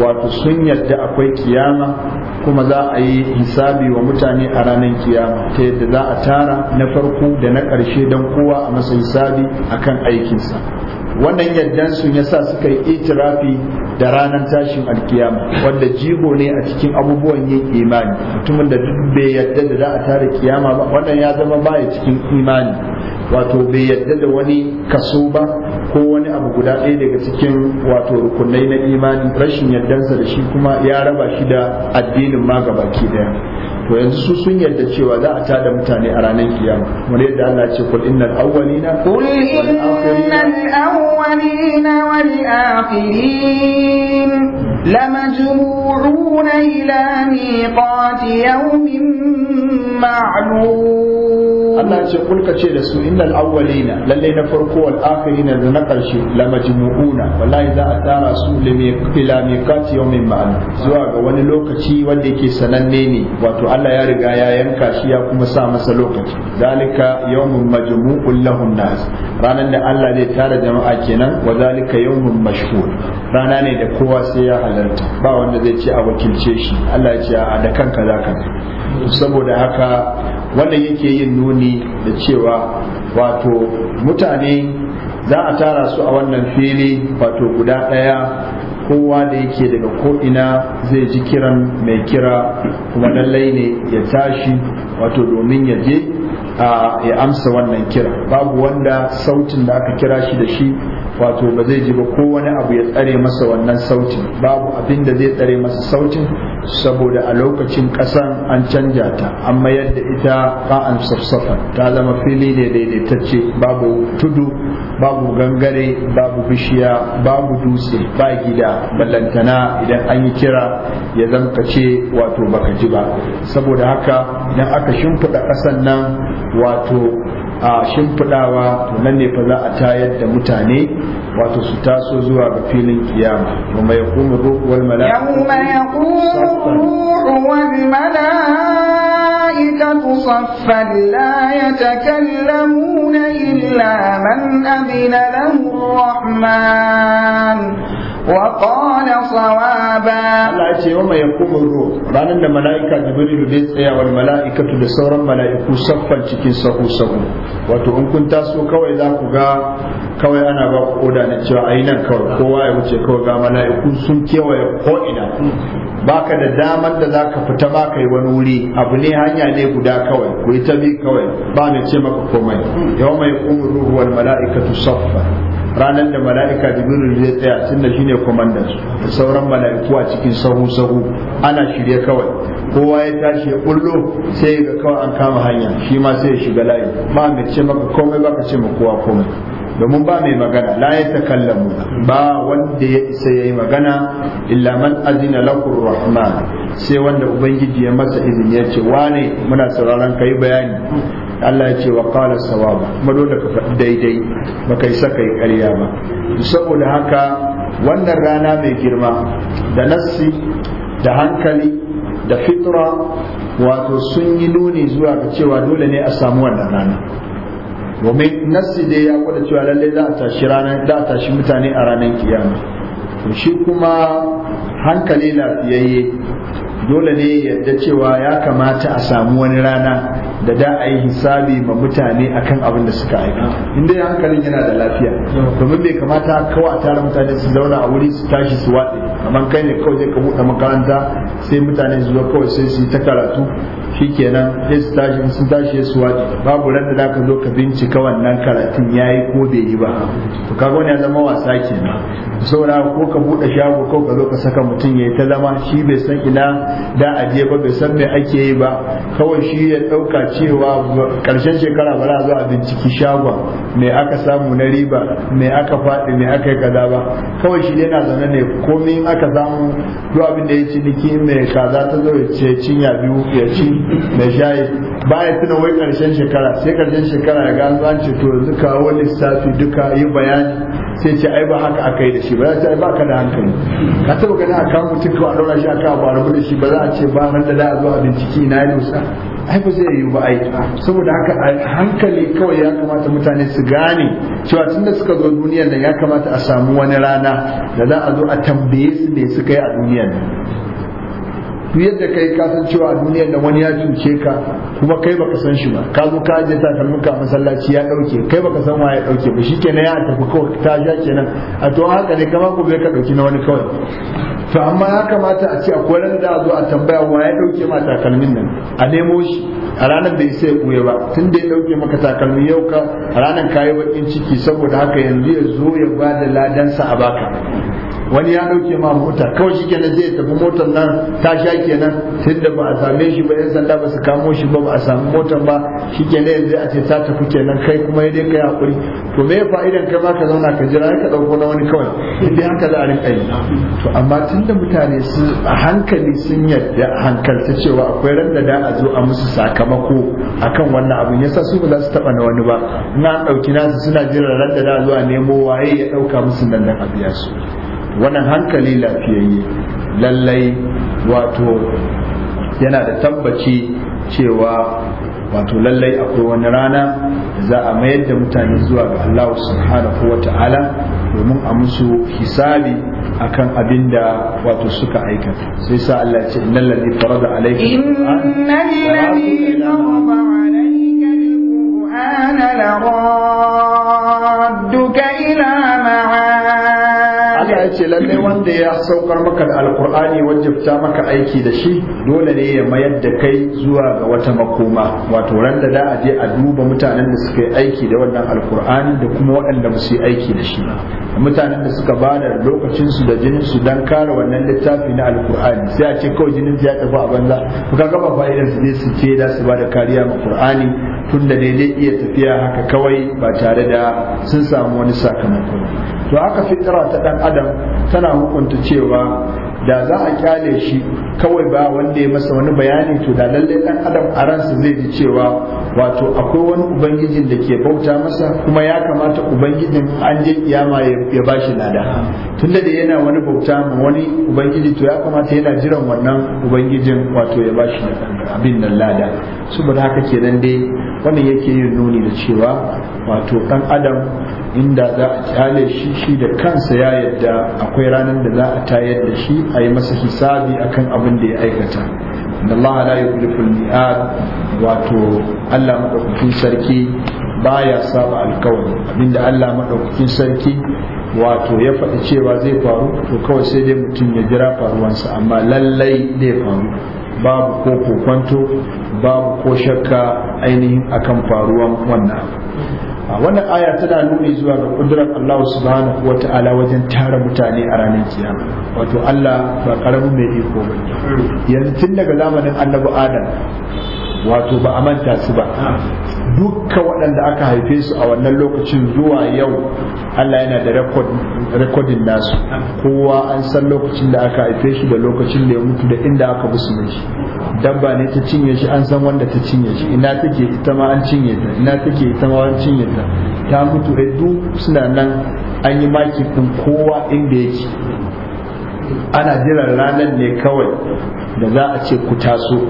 wato sun yarda akwai kiyama kuma za a yi hisabi wa mutane a ranar kiyama ta yadda za a tara na farko da na ƙarshe don kowa a masa hisabi a kan aikinsa wannan yardan su ya sa suka yi itirafi da ranar tashin alkiyama wanda jigo ne a cikin abubuwan yin imani mutumin da duk bai yadda da za a tara kiyama ba wannan ya zama baya cikin imani wato bai yadda da wani kaso ba ko wani abu guda ɗaya daga cikin wato rukunai na imani rashin yardansa da shi kuma ya raba shi da addinin ma baki daya to yanzu su sun yarda cewa za a tada mutane a ranar kiyama kamar yadda Allah ce kul innal awwalina kul innal awwalina wal akhirin lamajmu'una ila miqati yawmin ma'lum Allah ya ce kulka ce da su innal awwalina lalle na farko wal akhirina da na karshe la majmu'una wallahi za a tara su ila yau min ma'an zuwa ga wani lokaci wanda yake sananne ne wato Allah ya riga ya yanka shi ya kuma sa masa lokaci zalika yawmun majmuul lahun nas ranan da Allah zai tara jama'a kenan wa zalika yawmun mashhur rana ne da kowa sai ya halarta ba wanda zai ce a wakilce shi Allah ya ce a da kanka zaka saboda haka wannan yake yin nuni da cewa wato mutane za a tara su a wannan fili wato guda ɗaya kowa da yake daga ko'ina zai ji kiran mai kira kuma lallai ne ya tashi wato domin ya je a ya amsa wannan kira babu wanda sautin da aka kira shi da shi wato ba zai ji ba ko wani abu ya tsare masa wannan sautin babu abin da zai tsare masa sautin saboda a lokacin kasan an canja ta amma yadda da ita ka'an safsafa ta zama fili ne daidaitacce babu tudu babu gangare babu bishiya babu dutse ba gida ballantana idan an yi kira ya zanka ce wato baka ji ba saboda haka idan aka shimfiɗa ƙasan nan wato a shimfiɗawa nan ne fa za a tayar da mutane wato su taso zuwa ga filin kiyama wa mai kuma ruhu wal mala'ikatu saffan la yatakallamuna illa man adina lahu rahman وقال صوابا لا شيء وما يقوم الروح رانا da mala'ika jibril zai tsaya wal mala'ikatu da sauran mala'iku saffan cikin sahu sahu wato in kun taso kawai za ku ga kawai ana ba ku oda na cewa ai nan kawai kowa ya wuce kawai ga mala'iku sun kewaye ko ina baka da damar da zaka fita ba kai wani wuri abu ne hanya ne guda kawai ku yi ta kawai ba mai ce maka komai hmm. yawma yaqumu ruhu wal mala'ikatu saffan ranar da mala'ika jibril zai tsaya shi shine komandan da sauran mala'iku a cikin sahu sahu ana shirya kawai kowa ya tashi ya kullo sai ga kawai an kama hanya shi ma sai ya shiga layi ba ce maka komai baka ce ma kowa komai domin ba mai magana la ya mu ba wanda ya isa yayi magana illa man azina lakur rahman sai wanda ubangiji ya masa izini ya ce wane muna sauraron kai bayani Allah ya ce wa qala sawaba kuma dole ka faɗi daidai ba kai saka yi ƙarya ba saboda haka wannan rana mai girma da nassi da hankali da fitra wato sun yi nuni zuwa ga cewa dole ne a samu wannan rana domin nassi dai ya kwada cewa lallai za a tashi ranar da tashi mutane a ranar kiyama to shi kuma hankali lafiyayye dole ne yadda cewa ya kamata a samu wani rana da da a yi hisabi ma mutane akan abin da suka aika in dai hankalin yana da lafiya domin bai kamata kawai a tara mutane su zauna a wuri su tashi su watse amma kai ne kawai zai ka buɗe makaranta sai mutane su zo kawai sai su yi ta karatu shikenan sai su tashi sun tashi su waje babu ran da zaka zo ka bincika wannan karatun yayi ko bai yi ba to kaga wani ya zama wasa kenan saboda ko ka bude shago ko ka zo ka saka mutum yayi ta zama shi bai san ina da aje ba bai san me ake yi ba kawai shi ya dauka cewa karshen shekara ba za a zo a binciki shago me aka samu na riba me aka fadi me aka yi kaza ba kawai shi yana zaune ne komai aka samu duk abin da ya ci niki mai kaza ta zo ya ce cinya biyu ya ci mai shayi baya tuna wai karshen shekara sai karshen shekara ya ga an ce to yanzu kawo lissafi duka yi bayani sai ce ai ba haka aka yi da shi ba za a ce ai ba ka da hankali ka taba gani a kawo mutum kawai a ɗaura shi aka ba rabu da shi ba za a ce ba har da za a zo a binciki na yi nusa ai ba zai yi ba ai saboda haka hankali kawai ya kamata mutane su gane cewa tunda suka zo duniyar nan ya kamata a samu wani rana da za a zo a tambaye su ne suka yi a duniyar nan duk yadda kai ka san cewa a duniyar da wani ya cuce ka kuma kai baka san shi ba ka zo ka ajiye takalmin ka masallaci ya dauke kai baka san wa ya dauke ba shi kenan ya tafi kawai ta ja kenan a to haka ne kama bai ka dauki na wani kawai to amma ya kamata a ce a ran da a zo a tambaya wa ya dauke ma takalmin nan a nemo shi a ranar bai ya kuye ba tun da ya dauke maka takalmi yau ka ranar kayi bakin ciki saboda haka yanzu ya zo ya ba da ladansa a baka wani ya dauke ma mota kawai shi kenan zai tafi motar nan ta sha kenan tun da ba a same shi ba yan sanda ba su kamo shi ba ba a samu motar ba shi kenan yanzu a ce ta tafi kenan kai kuma ya dai kai hakuri to me ya fa'idan kai ma ka zauna ka jira ka dauko na wani kawai inda haka za a rinka yi to amma tun da mutane su a hankali sun yadda hankalta cewa akwai ran da da a zo a musu sakamako akan wannan abin yasa su ba za su taba na wani ba na dauki nasu suna jira ran da da a zo a nemo waye ya dauka musu nan nan abiya su wani hankali lafiyayye lallai wato yana da tabbaci cewa wato lallai akwai wani rana za a mayar da mutane zuwa ga Allah subhanahu wa ta'ala domin a musu hisabi akan abin da wato suka aikata sai sa Allah ce innal ladhi farada alayka innal ladhi farada alayka alquran la radduka ila ma'a ce lallai wanda ya saukar maka da alkur'ani wajibta maka aiki da shi dole ne ya mayar da kai zuwa ga wata makoma wato ran da a je a duba mutanen da suka yi aiki da wannan alkur'ani da kuma waɗanda ba su yi aiki da shi mutanen da suka ba da lokacin su da jinin su dan kare wannan littafi na alkur'ani sai a ce kawai jinin ya tafi a banza ka ga ba fa'idar su ne su ce da su ba da kariya ma alkur'ani tunda ne zai iya tafiya haka kawai ba tare da sun samu wani sakamako to haka fitara ta dan adam tana hukunta cewa da za a kyale shi kawai ba wanda ya masa wani bayani to da lallai dan adam a ransa zai ji cewa wato akwai wani ubangijin da ke bauta masa kuma ya kamata ubangijin an je kiyama ya bashi lada tunda da yana wani bauta ma wani ubangiji to ya kamata yana jiran wannan ubangijin wato ya bashi abin nan lada saboda haka kenan dai wannan yake yin nuni da cewa wato dan adam inda za a kyale shi shi da kansa ya yadda akwai ranar da za a tayar da shi a yi masa hisabi akan abin da ya aikata da Allah la yi al-mi'ad wato Allah madaukakin sarki baya saba alkawari abinda Allah madaukakin sarki wato ya faɗi cewa zai faru to kawai sai dai mutum ya jira faruwansa amma lallai zai faru babu ko kokwanto babu ko shakka ainihin akan faruwan wannan wannan aya tana nuni zuwa ga kudurar Allah subhanahu ta'ala wajen tara mutane a ranar kiyama wato Allah ba karamin mai iko ba hmm. yanzu tun daga zamanin annabi Adam wato ba a manta su ba Duka waɗanda aka haife su a wannan lokacin zuwa yau Allah yana da rekodin nasu kowa an san lokacin da aka haife shi da lokacin da ya mutu da inda aka busu shi dabba ne ta cinye shi an san wanda ta cinye shi ina take ita ma an cinye ta ina take ita ma an cinye ta ta mutu da eh, duk suna nan an yi maki kun kowa inda yake ana jiran ranar ne kawai da za a ce ku taso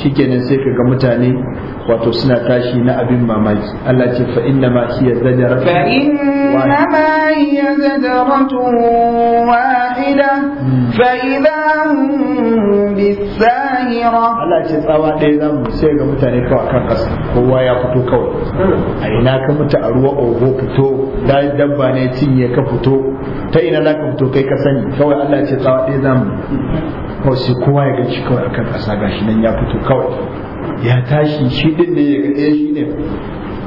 shikenan sai ka ga mutane wato suna tashi na abin mamaki Allah ce fa inna ma hiya zajara fa inna ma hiya zajaratu wahida hmm. fa idahum bisahira Allah ce tsawa ɗaya zamu mu sai ga mutane kawai kan kasa kowa ya fito kawai a ina ka mutu a ruwa ogo fito da dabba ne cinye ka fito ta ina za ka fito kai ka sani kawai Allah ce tsawa ɗaya zamu. mu sai kowa ya gaci kawai akan kasa gashi nan ya fito kawai ya tashi shi din ne ya ga eh, shi ne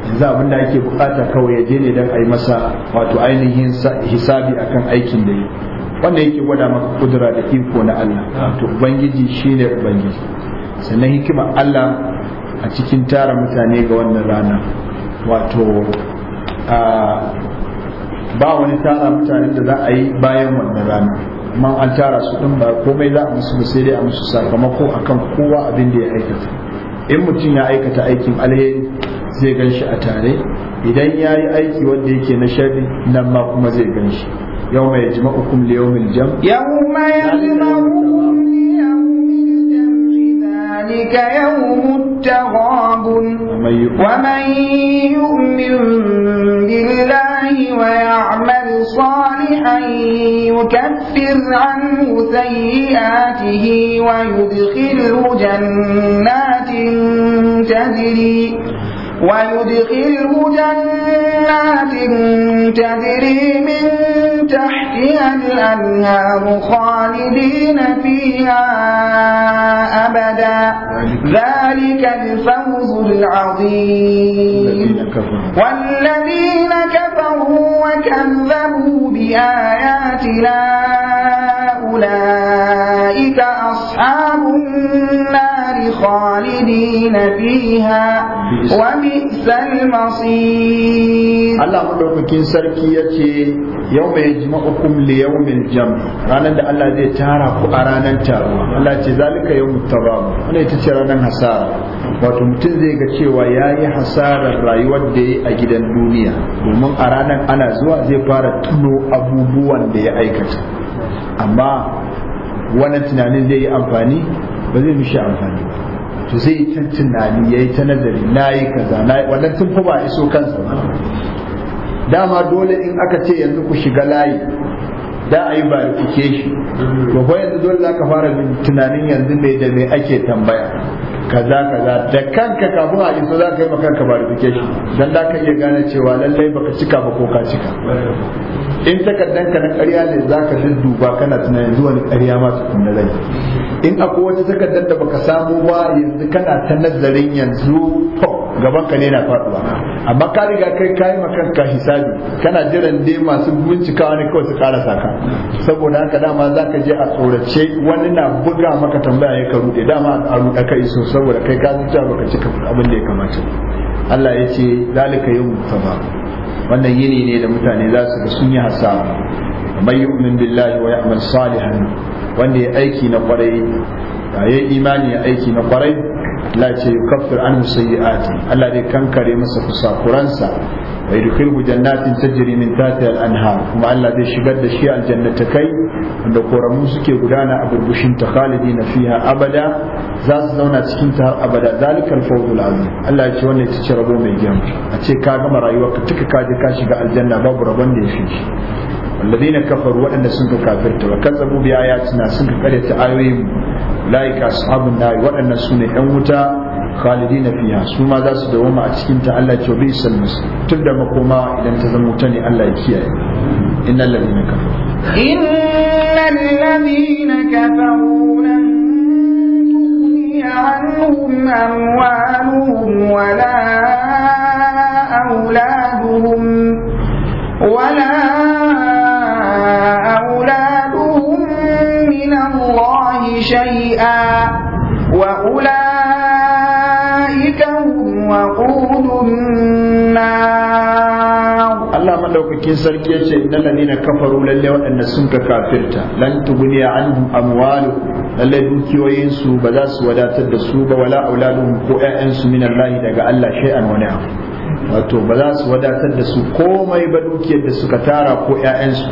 yanzu abin da ake bukata kawai ya je ne don a yi masa wato ainihin hisabi akan aikin da yi wanda yake gwada maka kudura da iko na Allah to ubangiji shi ne ubangiji sannan hikima Allah a cikin tara mutane ga wannan rana wato ba wani tara mutane da za a yi bayan wannan rana amma an tara su din ba komai za a musu sai dai a musu sakamako akan kowa abin da ya aikata in mutum ya aikata aikin alheri zai gan shi a tare idan ya yi aiki wanda yake na sharri nan ma kuma zai gan shi yau mai jima hukum li yau jam yau mai jima hukum li yau mil jam zalika yau التغاب ومن يؤمن بالله ويعمل صالحا يكفر عنه سيئاته ويدخله جنات تجري ويدخله جنات تجري من تحتها الأنهار خالدين فيها أبدا ذلك الفوز العظيم والذين كفروا وكذبوا بآياتنا أولئك أصحاب النار خالدين فيها وبئس المصير الله مدوكين سركي يتي يوم يجمعكم ليوم الجمع رانا الله دي تارا رانا تارا الله ذلك يوم التغام أنا يتشي رانا hasara wato mutum zai ga cewa ya yi hasarar rayuwar da ya a gidan duniya domin a ranar ana zuwa zai fara tuno abubuwan da ya aikata amma wannan tunanin zai yi amfani ba zai mishi amfani ba to zai yi ta tunani ya yi ta nazari na yi kaza na wannan tun fa ba iso kansa ba dama dole in aka ce yanzu ku shiga layi da ayi yi ba shi to ko yanzu dole za ka fara tunanin yanzu mai da mai ake tambaya kaza kaza da kanka kafin a iso za ka yi kanka verification dan da ka iya gane cewa lallai baka cika ba ko ka cika in ka na ƙarya ne za ka dudduba kana tunanin zuwa ni ƙarya ma kunna zai in akwai wata takardar da baka samu ba yanzu kana ta nazarin yanzu gaban ka ne na faduwa amma ka riga kai kayi ka hisabi kana jiran dai masu bincikawa ne kawai su kara saka. saboda haka dama za ka je a tsorace wani na buga maka tambaya ya ka rude dama a ruɗa kai so saboda kai ka zuciya baka cika abin da ya kamata Allah ya ce zalika yau ba wannan yini ne da mutane za su ga sun yi hasara man yu'min billahi wa ya'mal salihan wanda ya aiki na kwarai ya imani ya aiki na kwarai Allah ce yukaffir anhu sayyi'ati Allah dai kankare masa kusakuransa wa yudkhilhu jannatin tajri ta tahtiha al anha kuma Allah zai shigar da shi aljannatakai da koramu suke gudana a burbushin ta khalidi na fiya abada za su zauna cikin ta har abada zalikal fawdul azim Allah ya ce wannan ita ce rabo mai girma a ce ka gama rayuwarka tuka ka je ka shiga aljanna babu rabon da ya fi shi alladheena kafaru wadanda sun kafirta wa kazzabu bi ayatina sun kare ta ayoyi laika ashabun nar wadanda su ne dan wuta khalidin fiha su ma za su dawoma a cikin ta Allah ya ce bi sallus tunda makoma idan ta zama wuta ne Allah ya kiyaye inna alladheena kafaru الذين كفروا لن تغني عنهم أموالهم ولا أولادهم ولا أولادهم من الله شيئا وأولادهم madaukakin sarki yace innal ladina kafaru lalle waɗanda sun ka kafirta lan tugniya anhum amwalu lalle dukiyoyin su ba za su wadatar da su ba wala auladun ko ƴaƴan su min Allah daga Allah shay'an wani abu wato ba za su wadatar da su komai ba dukiyar da suka tara ko ƴaƴan su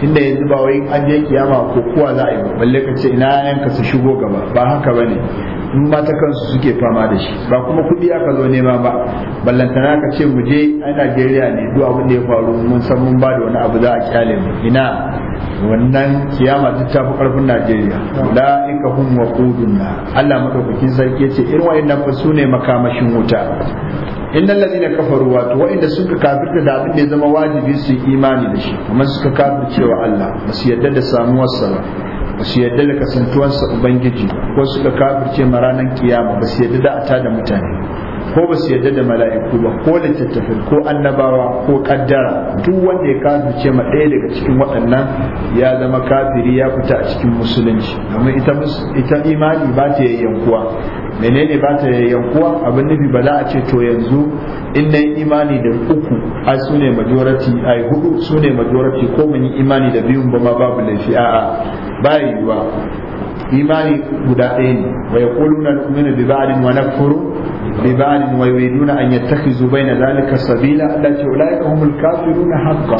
tunda yanzu ba wai an je kiyama ko kuwa za a yi balle ka ce ina yanka su shigo gaba ba haka bane in mata kansu suke fama da shi ba kuma kuɗi aka zo nema ba ballantana ka ce mu je a Najeriya ne duk abin da ya faru mun san mun ba da wani abu za a kyale mu ina wannan kiyama duk ta fi karfin Najeriya la ika hum waqudun Allah madaukakin sarki yace irin wayannan fa sune makamashin wuta In innal ladina kafaru to waɗanda suka kafirta da abin da ya zama wajibi su imani da shi kuma suka kafirce wa Allah ba su yarda da samuwar sa ba su yarda da kasantuwarsa ubangiji ko suka kafirce ma ranar kiyama ba su yarda da ata da mutane ko ba su yarda da mala'iku ba ko littattafai ko annabawa ko kaddara duk wanda ya kasu ma ɗaya daga cikin waɗannan ya zama kafiri ya fita a cikin musulunci domin ita imani ba ta yankuwa. menene ba ta yankuwa? abin nufi ba za a ce to yanzu in na imani da uku ai su ne majority ai hudu su ne majority ko mun yi imani da biyun ba ma babu laifi a'a ba imani guda ɗaya ne wa yaquluna nu'minu bi ba'din wa nakfuru ببعض ويريدون أن يتخذوا بين ذلك سبيلا التي أولئك هم الكافرون حقا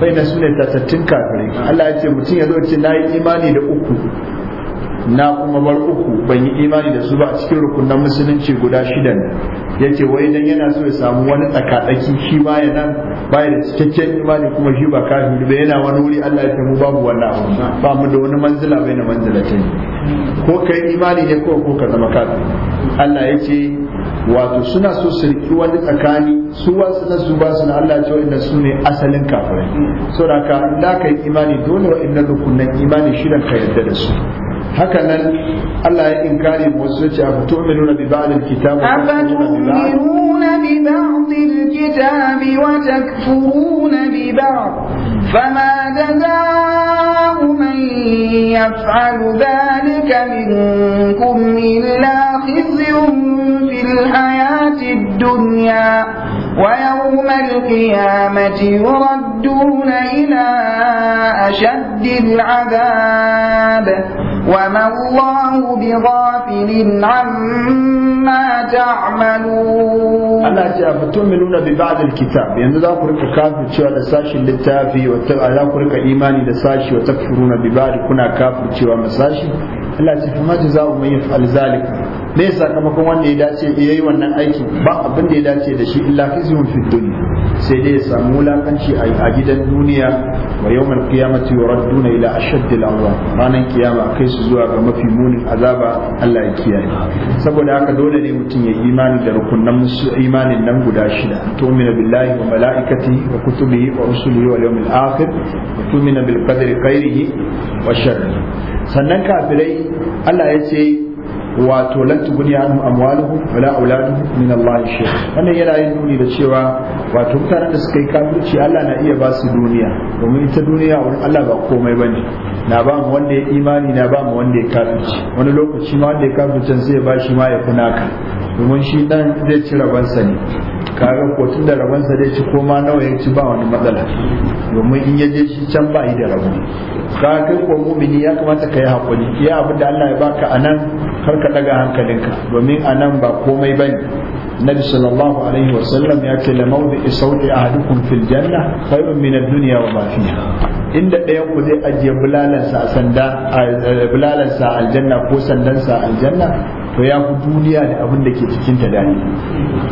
فإن سنة تتن كافرين الله يتي متين يدو يتي لا da uku na kuma bar uku ban yi imani da su ba a cikin rukunan musulunci guda shida ne yace wai dan yana so ya samu wani tsakatsaki shi baya nan baya da cikakken imani kuma shi ba kafiri ba yana wani wuri Allah ya ce mu babu wannan abu ba mu da wani manzila bai na manzila ta ko kai imani ne ko ko ka zama kafiri Allah yace wato suna so su riki wani tsakani su wasu na su ba su na Allah ce wa'annan su ne asalin kafirai so da ka da ka yi imani dole wa inda rukunan imani shirin ka yarda da su haka nan Allah ya inkari mu wasu ce afa tu'minuna bi ba'd al-kitab wa tu'minuna bi ba'd al-kitab wa takfuruna bi ba'd fama jazaa'u man yaf'alu dhalika minkum illa خزي في الحياة الدنيا ويوم القيامة يردون إلى أشد العذاب وما الله بغافل عما تعملون الله جاء فتؤمنون ببعض الكتاب يعني ذا قرق كافر شوى لساشي للتافي وذا قرق إيماني لساشي وتكفرون ببعض كنا كافر شوى مساشي الله فما جزاء من يفعل ذلك me sakamakon wanda ya dace ya yi wannan aiki ba abin da ya dace da shi illa khizyun fi dunya sai dai ya samu wulakanci a gidan duniya wa yawmal qiyamati yuradduna ila ashaddil azab ranan kiyama kai su zuwa ga mafi munin azaba Allah ya kiyaye saboda haka dole ne mutum ya imani da rukunan musu imanin nan guda shida tu'minu billahi wa mala'ikati wa kutubihi wa rusulihi wal yawmil akhir wa tu'minu bil qadri khairihi wa sharrihi sannan kafirai Allah ya ce wato lan tuguni anhum amwaluhu wala auladu min Allah shi wannan yana yin nuni da cewa wato mutanen da suka yi kafirci Allah na iya ba su duniya domin ita duniya wurin Allah ba komai bane na ba mu wanda ya imani na ba mu wanda ya kafirci wani lokaci ma wanda ya kafirci zai ba shi ma ya kuna ka domin shi dan zai ci rabansa ne kaga ko tun da rabansa zai ci ko ma nawa ya ci ba wani matsala domin in ya je shi can ba yi da rabo ka kai ko mumini ya kamata ka yi hakuri ya abin da Allah ya baka anan kar ka ɗaga hankalinka domin a nan ba komai bane nabi sallallahu alaihi ya ce la mawdi sauti ahadukum fil janna kai min ad-dunya wa ma fiha inda ɗayan ku zai ajiye bulalansa a sanda eh, bulalansa aljanna ko sandansa aljanna to ya fi duniya da abin da ke cikin ta dani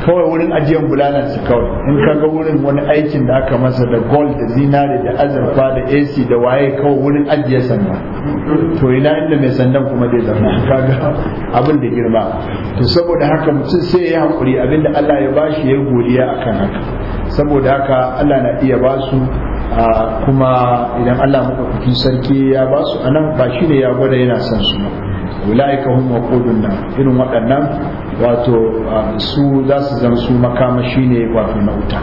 kawai wurin ajiyan bulalan su kawai in ka ga wurin wani aikin da aka masa da gold da zinare da azurfa da ac da waye kawai wurin ajiye sanda to ina inda mai sandan kuma zai zama Ka ga abin da girma to saboda haka mutum sai ya hakuri da Allah ya bashi ya godiya akan haka saboda haka Allah na iya ba basu kuma idan Allah maɗaukakin sarki ya ba basu anan ba shi ne ya gwada yana son su ba ulaika hum waqudun nan irin waɗannan wato su za su zama su makamashi ne wato na wuta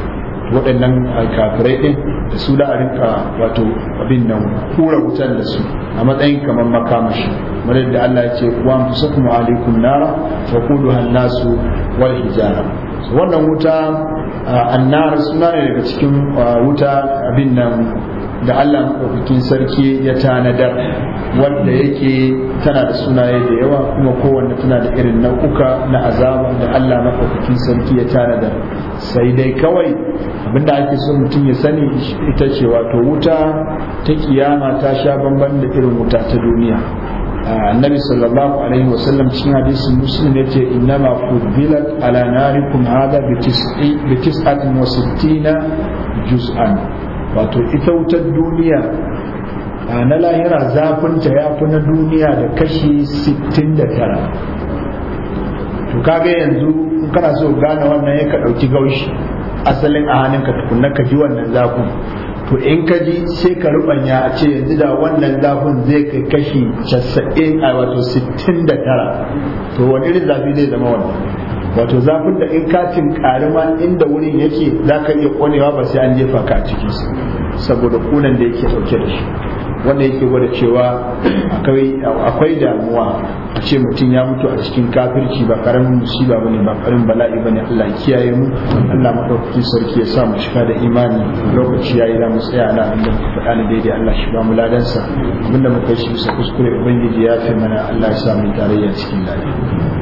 waɗannan kafirai ɗin da su da a rinka wato abin nan kura wutar da su a matsayin kamar makamashi kamar yadda Allah ya ce wa musakum alaikum nara wa quduha an-nasu wal hijara wannan wuta annar suna ne daga cikin wuta abin nan da Allah maɗaukakin sarki ya tanadar wanda yake tana da sunaye da yawa kuma kowanne tana da irin nau'uka na azama. da Allah maɗaukakin sarki ya tanadar sai dai kawai abinda ake so mutum ya sani ita ce wato wuta ta kiyama ta sha bamban da irin wuta ta duniya annabi sallallahu alaihi sallam cikin hadisin muslim ya ce innama fuddilat ala narikum hada bi tis'atin wa sittina juz'an wato ita wutar duniya na lahira zafinta ya fi na duniya da kashi 69 to kaga yanzu kana so gane wannan ya ka ɗauki gaushi asalin a hannunka tukunna ka ji wannan zafin to in ka ji sai ka rubanya a ce yanzu da wannan zafin zai kai kashi 90 wato 69 to wani irin zafi zai zama wannan wato zafin da in katin karima inda wurin yake za ka iya konewa ba sai an jefa ka a cikin su saboda kunan da yake dauke da shi wanda yake gwada cewa akwai damuwa a ce mutum ya mutu a cikin kafirci ba karamin musiba ba ne ba karamin bala'i ba ne Allah kiyaye mu Allah maɗaukakin sarki ya sa mu shiga da imani lokaci ya yi da mu tsaya na abin da faɗa na daidai Allah shi ba mu ladansa abin da muka yi shi bisa kuskure ubangiji ya fi mana Allah ya sa mu tarayya cikin lafiya